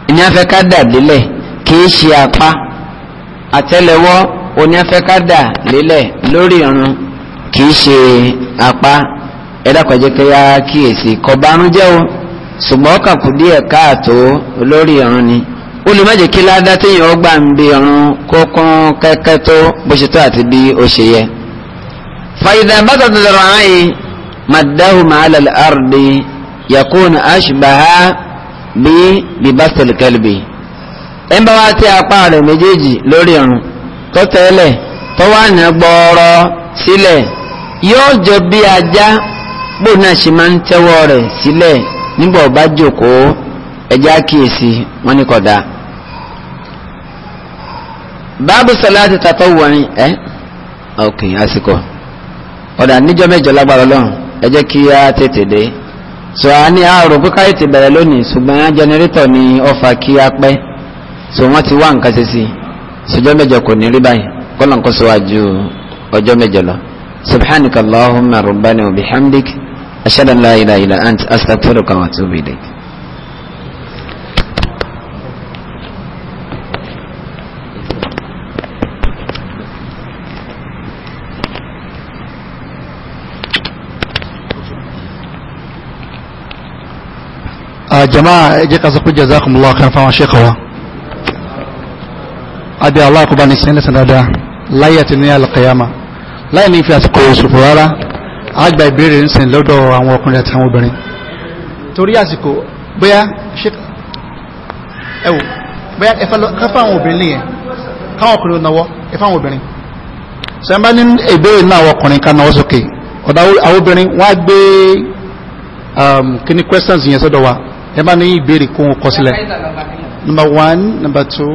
ìní afẹ́ ká dà délẹ̀ kì í ṣe apá àtẹ́lẹwọ́ oníafẹ́kádà lélẹ̀ lórí irun kì í ṣe apá ẹ̀dàkọ̀jẹ́ kẹ́yà kíyèsí kọ̀bánú jẹ́ o ṣùgbọ́n kàkú díẹ̀ káàtó lórí irun ni ó lè má jẹ́ kí ládá téèyàn ó gbà ń bi irun kó kún kẹ́kẹ́ tó bó ṣe tó àti bí ó ṣe yẹ. fàyidà bàtà dọ̀dọ̀rọ̀ ààyè màdáhù màálà àrùdì yakun ashbaha bí bíbá tẹ̀lẹ̀kẹ́lẹ̀ ẹ̀ ń bá wá tí apá rẹ̀ méjèèjì lórí irun tó tẹ́lẹ̀ tó wà yóò jọ bí ajá bó náà ṣe máa ń tẹ́wọ́ rẹ̀ sílẹ̀ nígbà ọba jókòó ẹja kíyèsí wọn ní kódà. báàbù sọláàtì tàtọ́ wọrin ok àsìkò ọ̀dà níjọ́ mẹ́jọ lágbára ọlọ́run ẹ kí á tètè dé so a ní àárò pípa ètè bẹ̀rẹ̀ lónìí ṣùgbọ́n jẹnẹrétọ̀ ni ọfà kí á pẹ́ so wọ́n ti wá nǹkan ṣe sí i. sọjọ́ mẹ́jọ kò ní rí báyìí kọ́lọ́n kó síwájú ọjọ́ mẹ́jọ lọ subhanaka allahumma rabbana wa bihamdik ashhadu an la ilaha illa ant astaghfiruka wa atubu ilayk. جماعة جزاكم الله خير فما شيخ هو adé aláàkọ́bá ní sẹ́ni sàdáadáa láyé àti ní alàkàyàmà lai ni fi àsìkò òṣùpù rárá àgbà ìbéèrè ń sìn lọ́dọ̀ àwọn ọkùnrin àti àwọn obìnrin torí àsìkò bóyá ẹwò bóyá ẹfà àwọn obìnrin nìyẹn káwọn ọkùnrin náwọ́ ẹfà àwọn obìnrin sọ ẹ̀mbá ní ìbéèrè náà àwọn ọkùnrin ká náwọ́ sókè ọ̀dà àwọn obìnrin wọ́n á gbé um, kíní questions yẹn sọ́dọ̀ wa ẹ̀mbá ní ìbéèrè kó wọn kọ number one number two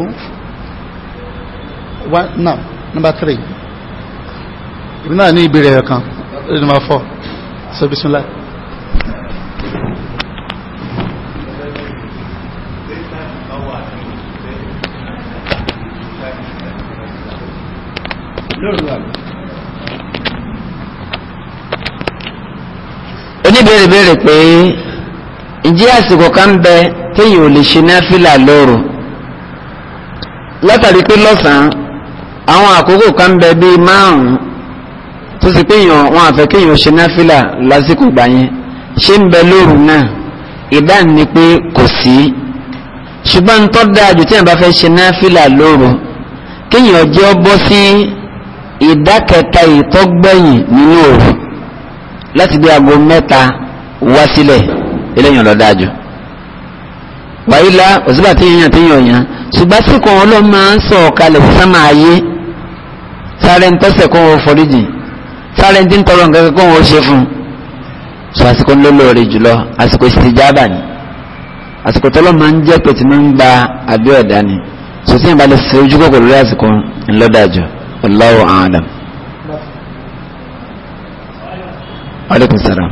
one now number three ibi náà ní ìbéèrè ẹ̀yọ̀ kan number four so bismillah. oníbèrè béèrè pé ǹjẹ́ àsìkò kan bẹ téèyàn ò lè ṣe náfìlà lóru látàrí pé lọ́sàn-án àwọn àkókò kan bẹ bíi márùn tó sì péyàn wọn àfẹ́ kéèyàn ṣe náfìlà lásìkò ìgbà yẹn ṣé ń bẹ lóru náà ìdáhùn ni pé kò sí ṣùgbọ́n tó dáa jù tí wọn bá fẹ́ ṣe náfìlà lóru kéèyàn jẹ́ ọ bọ́ sí ìdá kẹta ìtọ́gbẹ̀yìn nínú òru láti bí aago mẹ́ta wá sílẹ̀ eléyìí ló dáa jù wàyí la òsínbà tí yẹn yàn tí yàn yàn ṣùgbọ́n síkò ọlọ́mọ sọ̀kalẹ̀ sísámà ayé sáré ń tọ́sẹ̀ kó wọn foríjì sáré ń tí ń tọrọ nǹkan kó wọn ṣe fún un sọ àsìkò ń lólóore jùlọ àsìkò ìsìjábà ni àsìkò tọ́lọ́ máa ń jẹ́ pé máa ń gba àbí ọ̀dá ni sọ sí ìbálẹ̀ fi ojú kòkòrò lórí àsìkò ńlọ́dàjọ Allahu a'lam. Wa alaikum salaam.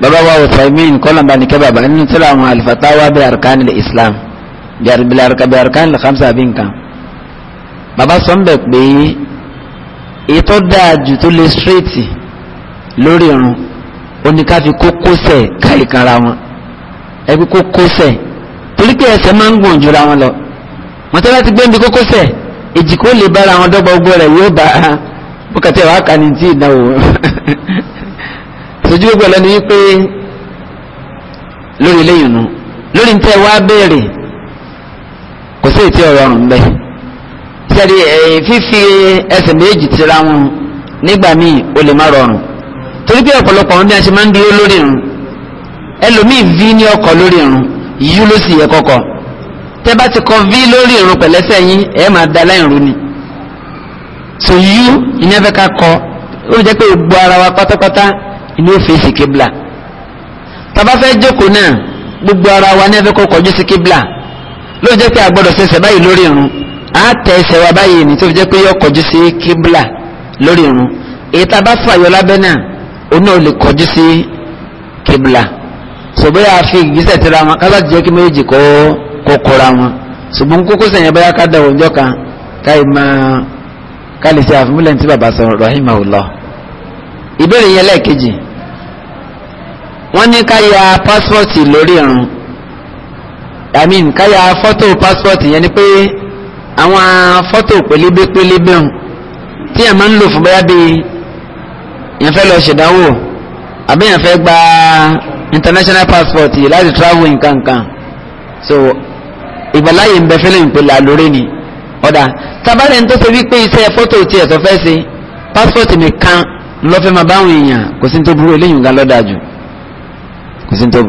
Baba wa Uthaymin kọ́lọ̀mbà ní kẹ́ bàbá nínú tíra àwọn al-fatawa bí arkani lè islam bí arkani lè khamsa bí nǹkan bàbá sọ ń bẹ̀ pé ètò dáàjù tó lè ṣírètì lórí irun oníkàfi kókósẹ̀ káìkanra wọn ẹbí kókósẹ̀ torí pé ẹsẹ̀ máa ń gùn jura wọn lọ wọn tẹ́lá ti gbẹ́ndì kókósẹ̀ èjìkó lè bára wọn dọ́gba gbogbo rẹ̀ yóò bá bókàtẹ́ wàá kà ní tí ìdánwò sojú gbogbo ẹlẹ́ni wípé lórí lẹ́yìn nu lórí ń tẹ́ wá béèrè kò sí ètí ọ̀rọ̀ ọ̀rùn bẹ́ẹ̀ sẹ́ni fífi ẹsẹ̀ méjì tira wọn nígbà míì o lè má rọrùn torí pé ọ̀pọ̀lọpọ̀ àwọn bí a ṣe máa ń dúró lórí irun ẹlòmíì vi ní ọkọ̀ lórí irun yíyú ló sì yẹ kọ́kọ́ tẹ́ bá ti kọ vi lórí irun pẹ̀lẹ́sẹ̀ yín ẹ̀ máa da láìrún ni so yíyú ìyẹn fẹ́ ká kọ ó lè jẹ́ pé gbogbo ara wa pátápátá ni ó fèsì kíbla tàbá fẹ́ jókòó náà gbogbo ara wa ní ẹfẹ́ kó kọjú sí kíbla ló jẹ́ pé àgbọ́dọ̀ ṣẹṣẹ̀ báyìí lórí irun á tẹ ẹsẹ̀ wa báyìí ní tó fi jẹ́ pé yọ kọjú sí kíbla lórí irun èyí tàbá fún àyọ lábẹ́ náà òun náà lè kọjú sí kíbla sọgbẹ́ yà fi ìgbésẹ̀ tẹ̀ra wọn kálá jẹ́ kí méjì kó kókóra wọn ṣùgbọ́n kókó sẹ̀yìn báyà ká dà òun kan káyì máa ká lè ṣe àfihàn tí bàbá sọ rahimahullah ìbéèrè yẹn lẹ́ẹ̀kejì wọ́n ní ká ya pásítọ̀tì lórí irun i mean ká ya fọ́tò pásítọ̀tì yẹn ni pé àwọn fọ́tò pélébé pélébé hàn tí yẹn máa ń lò fún bóyá bíi yẹn fẹ́ lọ ṣèdánwò àbí yẹn fẹ́ gba international passport yìí láti travel nkankan so ìgbàláyè ń bẹ fẹ́lẹ́ ń pè lálórí ni ọ̀dà tabalẹ̀ ń tó ṣe wípé iṣẹ́ fọ́tò tiẹ̀ tó fẹ́ ṣe pásítọ̀tì nìkan lọ́fẹ́ máa báwọn èèyàn kò sí ní tó burú eléyìí ń ga lọ́dà jù. kò sí então,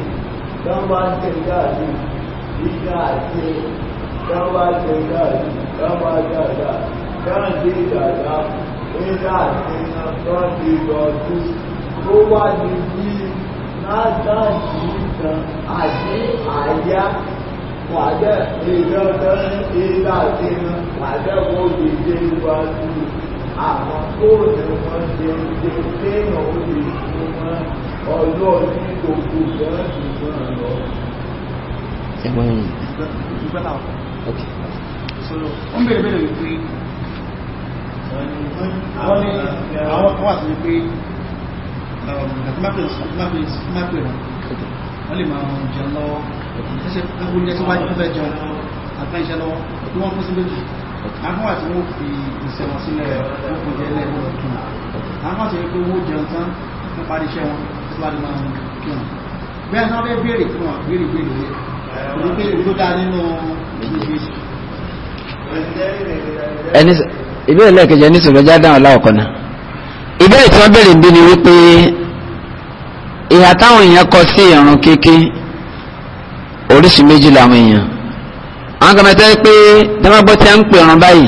dan ba ń tẹ̀ gáàdì ìdáàdì dan bá tẹ̀ gáàdì dan bá dáadáa gáàdì ìdàdá ìdáàdì ìdáàdì ìdọ̀tí ó wá ní bí látàkì ìtàn àti àyá wàdẹ́ ìdọ̀tí ìdáàdì wàdẹ́ wọ́n lè dé wájú àwọn kóòtù wọn ṣe ṣe kéèyàn ó lè fún wọn ọjọ́ ní gbogbo ìgbọ́n ṣùgbọ́n lọ. ẹ̀wọ̀n yìí. ìgbẹ́ náà. ok. so wọ́n bèrè bèrè wípé wọ́n ní àwọn kan wà sí wípé um, àtúmápè wọn wọ́n lè máa jẹun lọ́wọ́ ẹ̀ṣẹ̀ ẹ̀ṣẹ̀ tó bá jẹun fẹ́ jẹun àtúmáṣẹ́ lọ́wọ́ tí wọ́n kó sí méjì àwọn àti wọ́n fi iṣẹ́ wọn sílẹ̀ ọkùn jẹ́ ilẹ̀ ìwọ̀n kí àwọn àti wípé wọ́n jẹun tán wọ́n parí iṣẹ́ wọn síwájú máa ń kí wọn bẹ́ẹ̀ náà bẹ́ẹ̀ béèrè fún wọn béèrè béèrè rẹ̀ kò ní pé ló dá nínú méjèèjì. ẹni ìbéèrè lẹ́ẹ̀kejì ẹni sọ̀rọ̀ já dáhùn láwọ̀kọ́ náà ìbéèrè tí wọ́n béèrè ń bí ni wípé ìhà táwọn èèyàn kọ sí ìrùn kéèké oríṣi méjì làwọn èèyàn àwọn kan mẹ́ta pé dábàgbọ́ tí a ń pè ọ̀ràn báyìí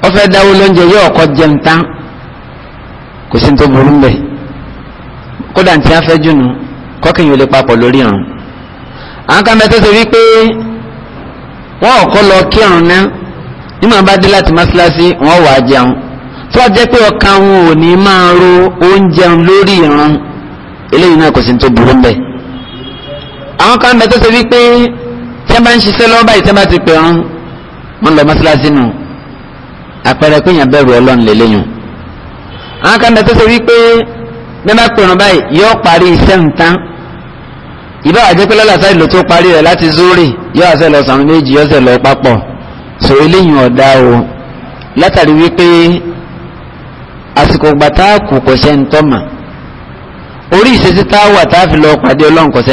wọ́n fẹ́ dáwó lóúnjẹ yóò kọ́ jẹun tán kò sí tó burú mbẹ̀ kódà tí a fẹ́ jùnú kọ́kì yóò lè papọ̀ lórí ọ̀ràn àwọn kan mẹ́ta sọ wípé wọ́n ọ̀kọ́ lọ kí ọ̀ràn náà nígbà bá dé láti mọ́ṣáláṣí wọ́n wà á jẹun tó a jẹ́ pé ọkàn wọn ò ní máa ro oúnjẹ lórí ìran eléyìí náà kò sí tó burú mbẹ̀ àwọn kan mẹ́ta sọ wípé tí wọ́n bá ń ṣiṣẹ́ lọ́wọ́ báyìí tí wọ́n bá ti pè ọ́n wọ́n lọ mọ́ṣáláṣí nù àpẹẹrẹ pé èèyàn bẹ̀rù ọlọ́run lélẹ́yìn. àwọn kan bẹ tó ṣe wípé bí wọ́n bá pè ọ́n báyìí yóò parí iṣẹ́ nǹkan ìbá àjẹ́ pé lọ́la sáyìí ló tó parí rẹ̀ láti zúrì yóò àṣẹ lọ sàn méjì yóò ṣẹ lọ papọ̀ sọ eléyìí ọ̀dà o látàrí wípé àsìkò gbàtà kò ṣe ń orí ìṣesí táwà táà fi lọ pàdé ọlọ́run kò ṣe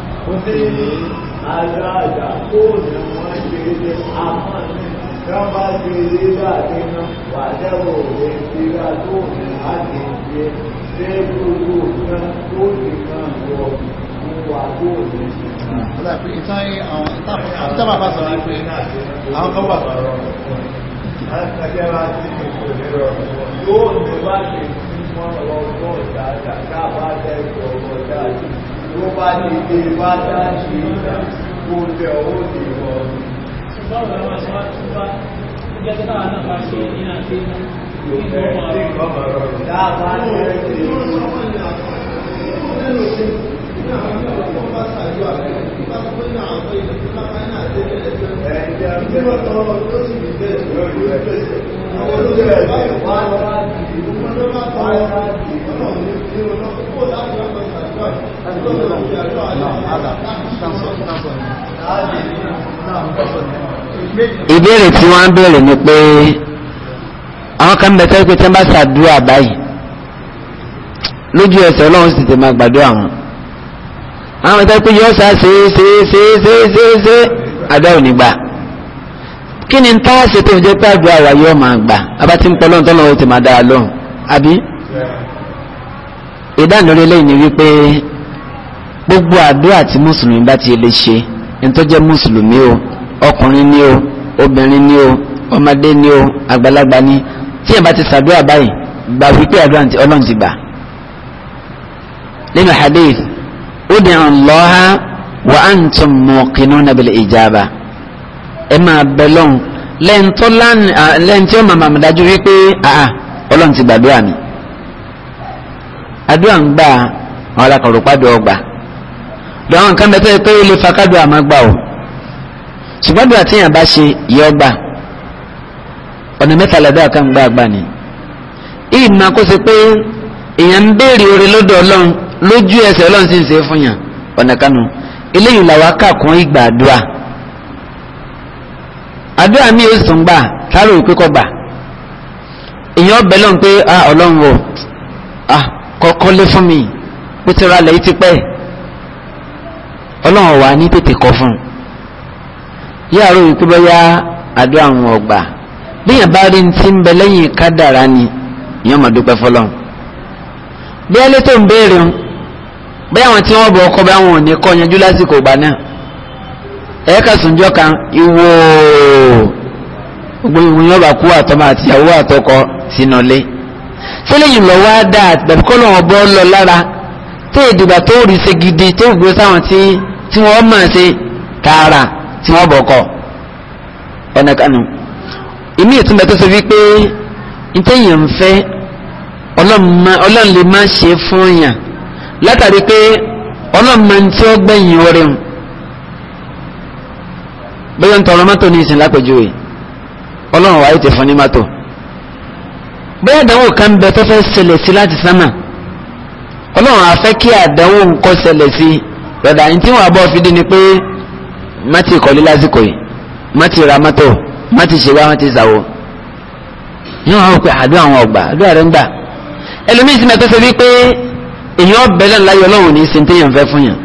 Você ajaja toda uma igreja amante, trabalheira apenas, guardava o respirador atender, segundo o canto de canto, o ator de yóò ní bá ṣe fún ọ̀rọ̀ ọgbọ́n ìdájà káàbá jẹ́ ìpòlérọ̀ ìdájà tó bá lè gbé bá dájú ìgbà tó tẹ owó lè wọ. ṣùgbọ́n ọ̀rọ̀ wọn ṣe wá tún bá ẹgbẹ́ tó bá náà bá ṣe ní àti Àwọn olùdó ẹ̀bá ìwọ̀n ló bá pa ẹ̀rọ ìpínlẹ̀ ọ̀nà kó láti ọmọ ìgbà ìbéèrè tí wọ́n ń béèrè ni pé àwọn kan bẹ̀ tẹ́lẹ̀ pé tí wọ́n bá ṣàdúrà báyìí lójú ẹsẹ̀ ọlọ́run sì ti máa gbàdúrà wọn àwọn kan tẹ́lẹ̀ pé yóò sá ṣe é ṣe é ṣe é ṣe é ṣe é ṣe àdúrà ò ní gbà kí ni táwọn ṣètò ìjẹ́ pé àdúrà wa yóò máa gbà abá ti ń pọ́ lóhùn tọ́lọ́run ó ti máa dára lóhùn àbí ìdánilórí lẹ́yìn ni wípé gbogbo àdúrà tí mùsùlùmí bá ti lè ṣe nítorí jẹ́ mùsùlùmí o ọkùnrin ni o obìnrin ni o ọmọdé ni o àgbàlagbà ni tí ẹ̀ bá ti sàdúrà báyìí gbà wípé àdúrà ọlọ́run ti gbà. nínú hadith ud'u Allaha wa antum muqinuna bil ijaba ẹ máa bẹ lọ́hùn lẹ́yìn tí ó máa màmá dájú wípé ọlọ́run ti gbàdúrà mi àdúrà ń gbà àwọn alákọ̀ọ́rọ̀pádù ọgbà lọ àwọn nǹkan mẹ́tọ́ pé ó lè fa kádù àmọ́ gbà o ṣùgbọ́n àdúrà tíyàn bá ṣe yọ gbà ọ̀nà mẹ́ta làdúrà kan gbà gbà ni ìyí máa kó ṣe pé èèyàn ń béèrè oore lọ́dọ̀ ọlọ́run lójú ẹsẹ̀ ọlọ́run sì ń ṣe fún yàn ọ̀nà kanu eléyìí làwa kà kún ìgbà àdúrà àdúrà mi ò sùn gbà tààrà èèyàn ọbẹ̀ lọ́n pé ah, ọlọ́run o ah kọ́kọ́lé fún mi ó ti ralẹ̀ yìí ti pẹ́ ọlọ́run wà ní tètè kọ́ fún un yíyàrá òyìn pé bóyá àdó àwọn ọgbà bíyàn bá rí ti ń bẹ lẹ́yìn kádàrá ni ìyẹn mọ̀ dúpẹ́ fọlọ́run bí ẹ létò ń béèrè ń bẹ́ẹ̀ àwọn tí wọ́n bọ̀ ọkọ bá wọn ò ní kọ́ yanjú lásìkò ìgbà náà ẹ̀ẹ́kà sùnjọ́ kan ìwò gbogbo ìwòyàn bá kú àtọmọ àtìyàwó àtọkọ sínú ilé tẹ́lẹ̀ yìí lọ wá dáa tàbí kọ́ lọ́wọ́ bọ́ lọ lára tó ìdìgbà tó rí ṣe gidi tó gbé sáwọn tí tí wọ́n mọ̀ ṣe tààrà tí wọ́n bọ̀ kọ́ ọ̀nà kanu ìmí ìtumọ̀ tó ṣe wípé ntẹ́yìn ń fẹ́ ọlọ́run lè má ṣe fún yàn látàrí pé ọlọ́run máa ń tí ó gbẹ̀yìn orin bẹ́ẹ̀ ń tọrọ mọ́tò ní ìsìn lápẹ̀jọ́ yìí ọlọ́run wáyé ti fún ní mọ́tò bẹ́ẹ̀ àdánwò kan bẹ tó fẹ́ ṣẹlẹ̀ sí láti sánmà ọlọ́run afẹ́ kí àdánwò nǹkan ṣẹlẹ̀ sí rọ̀dà ní tí wọ́n abọ́ fi dín ni pé má ti kọ́lé lásìkò yìí má ti ra mọ́tò má ti ṣèwá má ti ṣàwò yóò hàn pé àdúrà àwọn ọgbà àdúrà rẹ̀ ń gbà ẹlòmíì sì mẹ́tọ́ ṣe bí pé èèyàn bẹ̀rẹ̀ láyọ̀ ọlọ́run ní sin téèyàn fẹ́ fún yàn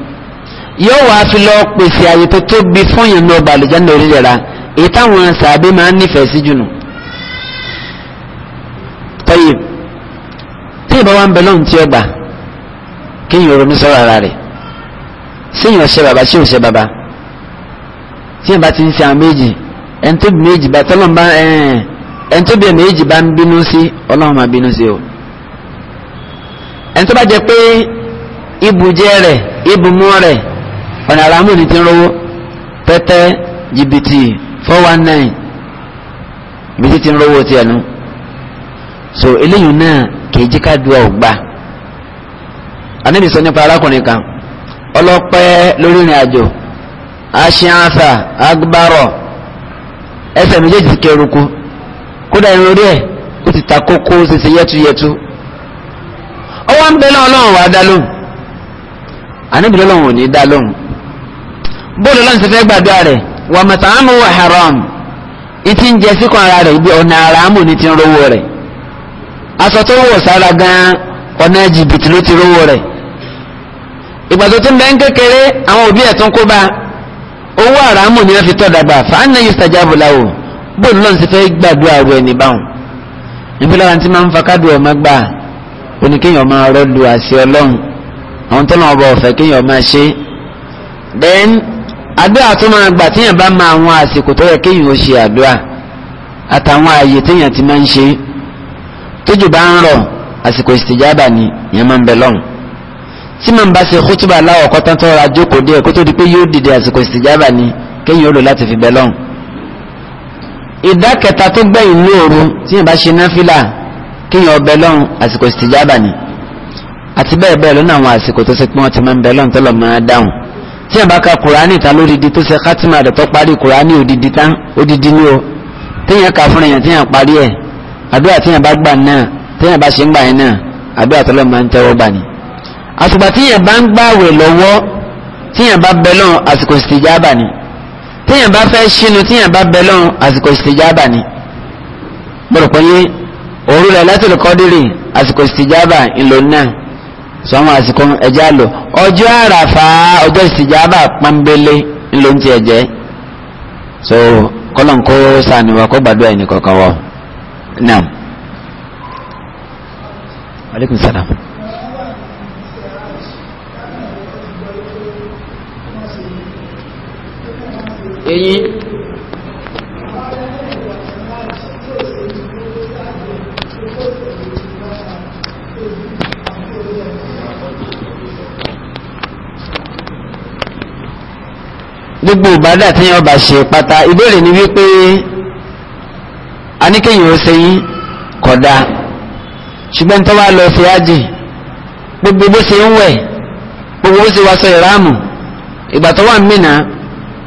yóò wá fi lọ pèsè àyè tó tóbi fún yàn ní ọgbà àlùjáde orí rẹ̀ èyí táwọn sàbẹ̀ máa ń nífẹ̀ẹ́ sí jùlọ tọ́yì tí ìbá wa ń bẹ tí ó gbà kí yìí ronú ara rẹ̀ sí yìí ọ̀ṣẹ́ bàbá sí ọ̀ṣẹ́ bàbá tí yìí bá ti ń ṣe àwọn méjì ẹni méjì bá tọ́lọ́ bá ẹni méjì bá ń bínú sí ọlọ́run máa bínú sí o ẹni bá jẹ pé ibùjẹ rẹ̀ ibùmú rẹ̀ ọ̀nà àràmù ni ti ń rówó pẹ́tẹ́ jìbìtì four one nine ibi tí ti ń rówó nù. so eléyìí náà kìí jí kádùá ò gbà sọ nípa arákùnrin kan ọlọpẹ lórí ìrìn àjò aṣíáfà agbárọ̀ ẹsẹ̀ méjèèjì ti kẹrùkú kódà irun orí ẹ ó ti ta kókó ṣiṣẹ́ yẹ́túyẹ́tú ọwọ́ ń bẹ náà ọlọ́run wàá dá lóhùn anábì lọ́lọ́run ò ní dá lóhùn bóòlù gbàdúrà wà wà haram ara ibi ọ̀nà ti ń rówó aṣọ tó wọ̀ sára gan ọ̀nà jìbìtì ló ti rówó rẹ̀ ìgbà tó ń bẹ́ ń kékeré àwọn òbí ẹ̀ kó bá owó àràmù ni wọ́n fi tọ́ dàgbà fàánà yìí sàjábù láwò bóun náà ti fẹ́ gbàdúrà rẹ̀ níbàwọ̀n níbi lára tí máa ń fakádùn ọmọ gbà oníkéèyàn máa rọ́ọ̀lù àṣẹ ọlọ́run àwọn tó náà bọ̀ ọ̀fẹ́ kéèyàn máa ṣe then àdúrà tó máa gbà téèyàn bá máa àwọn àsìkò tó yẹ kéèyàn ó ṣe àdúrà àtàwọn ààyè téèyàn ti máa ń ṣe tójú bá ń rọ̀ àsìkò ìsìtìjábà ni ìyẹn máa ń bẹ lọ́hùn tí màá bá ṣe kútùbà láwọ̀ kọ́tán tó ra jókòó díẹ̀ kó tó di pé yóò dìde àsìkò ìsìtìjábà ni kéèyàn ó lò láti fi bẹ lọ́hùn ìdá kẹta tó gbẹ̀yìn ní òru tí yìnbá ṣe náfìlà kéèyàn ọbẹ̀ lọ́hùn àsìkò ìsìtìjábà ni àti bẹ́ẹ̀ bẹ́ẹ̀ lọ́nà àwọn àsìkò tó ṣe pé wọ́n ti máa ń bẹ lọ́hùn tó o téèyàn kà fúnra yẹn àdúrà tíyàn bá gbà náà tíyàn bá ṣe ń gbà yẹn náà àdúrà tó lọ́ọ́ máa ń tẹ́wọ́ gbà ni. àsùgbà tíyàn bá ń gbàwẹ̀ lọ́wọ́ tíyàn bá bẹ lọ́n àsìkò ìsìtìjáàbà ni tíyàn bá fẹ́ ṣínú tíyàn bá bẹ lọ́n àsìkò ìsìtìjáàbà ni. gbọ́dọ̀ pé yé òru rẹ̀ láti lè kọ́dírì àsìkò ìsìtìjáàbà ńlò náà sọ àwọn àsìkò ẹ̀jẹ̀ àlò ọjọ́ àràfà ọjọ́ ìsìtìjáàbà pọ́nbélé so kọ́lọ̀ ń kó sànìwá kó gbàdúrà na'am alaikum salam eyín gbogbo ìbádà tí yẹn ọba ṣe pátá ìbéèrè ni wípé aníkéyìn ó sẹ́yìn kódà ṣùgbọ́n tó wá lọ sí ájì gbogbo bó ṣe ń wẹ̀ gbogbo bó ṣe wá sọ ìráàmù ìgbà tó wà ní Mínà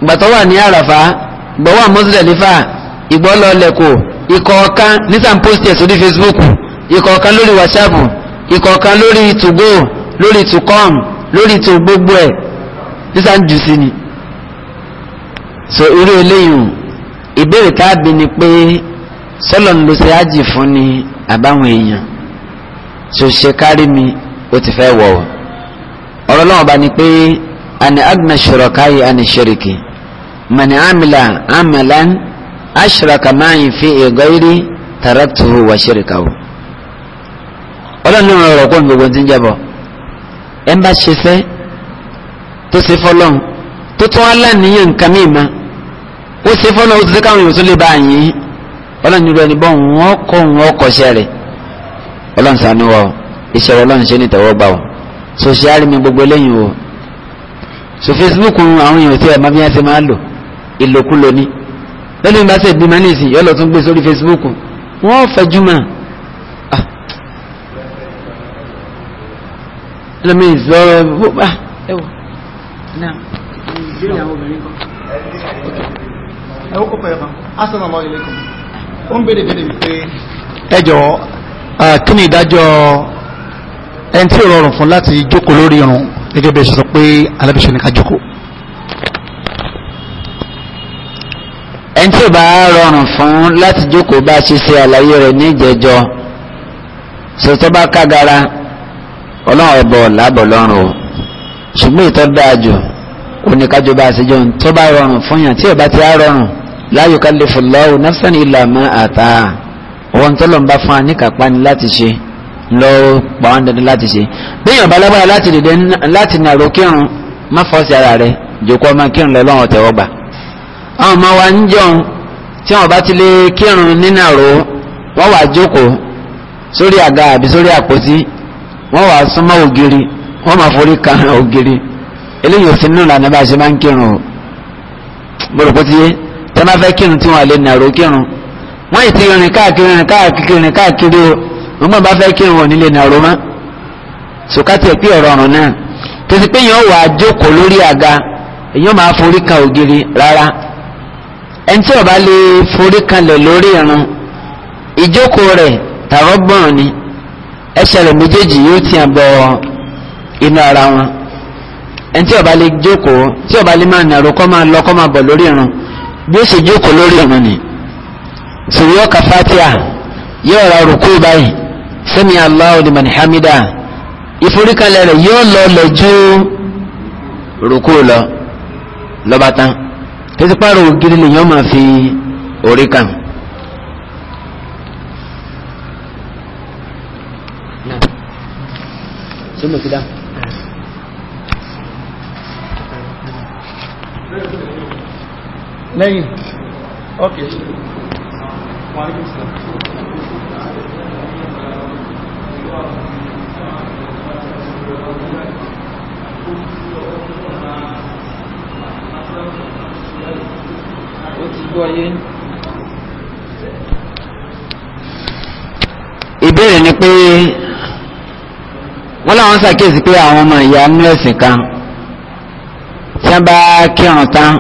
ìgbà tó wà ní Àràfá ìgbà wà Muzdalifa ìgbọ́ lọ lẹ́kọ̀ọ́ ikọ̀ ọ̀kan nísàn post-it sórí Facebook ikọ̀ ọ̀kan lórí WhatsApp ikọ̀ ọ̀kan lórí to go lórí to come lórí to gbogbo ẹ̀ nísàn jù sí ni so irú eléyìí ìbéèrè táàbí ni pé sọlọ ń lo ṣe fún ni àbáwọn èèyàn ṣòṣe kárí mi ó ti fẹ́ wọ̀ ọ́ ọ̀rọ̀ lọ́wọ́ bá ní pé àní agna ṣòrọ̀káyì àní ṣèrìkì mani amila amalan ashraka mayin fi ghairi taraktuhu wa shirkahu ọlọ́run ọ̀rọ̀ pọ̀ ní gbogbo tí ń jẹ́bọ̀ ẹ bá ṣe fẹ́ tó ṣe fọ́lọ́n tó tún aláníyàn nǹkan míì ma ó ṣe fọ́lọ́n ó ti ṣe káwọn èèyàn tó lè bá yín ọlọ́run nílò ẹni bọ́ wọn kọ́ wọn kọ́ṣẹ́ rẹ̀ ọlọ́run sànú wa iṣẹ́ ọlọ́run ṣe ní tẹ̀wọ́ gbà wọ́n so ṣe àrìmí gbogbo eléyìí o so Facebook àwọn èèyàn tí ẹ̀ máa bí wọ́n ṣe máa lò ìlòkulò ni lẹ́nu ìgbà tẹ̀ bímọ ní ìsìn yọ́lọ̀ tún gbé sórí Facebook wọ́n fẹjú mọ́ ah. ẹlẹ́mi ìzọ́rọ̀ ah, ẹ̀wọ̀ náà ìgbéyàwó obìnrin kan ẹ̀wọ́ kọ́kọ́ ó ń béèrè béèrè wípé ẹ jọ̀ọ́ kí ni ìdájọ́ ẹni tí ò rọrùn fún láti jókòó lórí irun gẹ́gẹ́ bí ẹ ṣe sọ pé alábìṣẹ́ ni ká jókòó ẹni tí ò bá rọrùn fún láti jókòó bá ṣe ṣe àlàyé rẹ̀ ní ìjẹjọ́ sọ̀tọ́ bá kágara ọlọ́run ọ̀bọ̀ làbọ̀ lọ́rùn o ṣùgbọ́n ìtọ́ dáa jù oníkájọba àtijọ́ tó bá rọrùn fún yàn tí ò bá ti á rọrùn la yukallifu Allahu nafsan illa ma ataha ọwọ́n tó fún wa ní kápá ni láti ṣe lọ́wọ́ láti ṣe bíyàn bá láti dìde láti nàró kírun má fọ́ọ̀sì ara rẹ̀ jòkó ọmọ kírun lọ lọ́wọ́ tẹ̀wọ́ gbà àwọn ọmọ wa ń tí wọn bá ti kírun nínàró wọn wà jókòó sórí àga àbí sórí àpótí wọn wà súnmọ́ tẹ́ máa fẹ́ kírun tí wọ́n lè nàró kírun wọ́n ì ti rìn káàkiri rìn káàkiri rìn káàkiri o wọ́n mọ̀ bá fẹ́ kírun wọn nílé nàró mọ́ sòkátì ẹ̀ pé ọ̀rọ̀ ọ̀run náà tó ti pé èèyàn wà á jókòó lórí àga èèyàn máa forí kan ògiri rárá ẹni tí ó bá lè forí kanlẹ̀ lórí irun ìjókòó rẹ̀ tààrọ́ gbọ̀n ni ẹsẹ̀ rẹ̀ méjèèjì yóò ti àbọ̀ inú ara wọn ẹni tí ó lè jókòó tí ó lè máa nàró kọ́ máa lọ kọ́ máa bọ̀ lórí irun bí ó sì jókòó lórí ìrun ni sèwé ọkà fatia yóò ra rúkú báyìí sami Allahu liman hamida ìforíkalẹ̀ rẹ̀ yóò lọ lọ ju rúkú lọ lọ́ba tán títí pàrọ̀ ògiri lèyàn máa fi orí kàn. Sọ́mọ̀ fi dá. lẹ́yìn ok ìbéèrè ni pé wọ́n láwọn ṣàkíyèsí pé àwọn ọmọ ìyá mẹ́sìn kan tí wọ́n bá kírun tán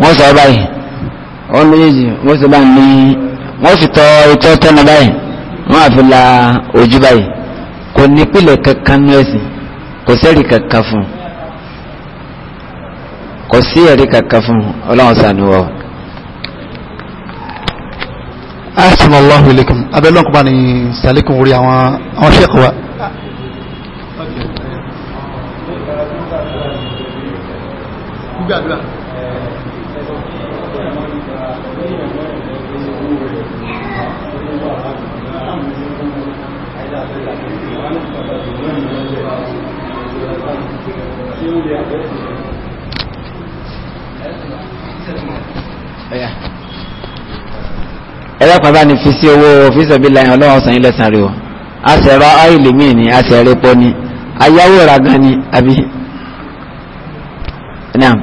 wọ́n sọ báyìí wọ́n méjèèjì wọ́n sọ báyìí ní wọ́n fi tọ ìtọ́ tẹ́nu báyìí wọ́n á fi la ojú báyìí kò ní pìlẹ̀ kankan ní ẹ̀sìn kò sẹ́rì kankan fún kò sí ẹ̀rí kankan fún ọlọ́run sànú wọ. asalaamu alaykum abẹ́lẹ́ ọkùnrin ni sàlẹ́kùn orí àwọn àwọn ṣẹ́kọ̀ wa. gbàdúrà. ẹ̀rọ pàbá ni fi sí owó ọ́fíìsì ọ̀bí láyìn ọlọ́wọ́ ọ̀sán ilẹ̀ sàn rí o àṣẹ̀rọ áìlì míì ni àṣẹ̀rẹ̀ pọ̀ ni ayáwó ra gan ni àbí naam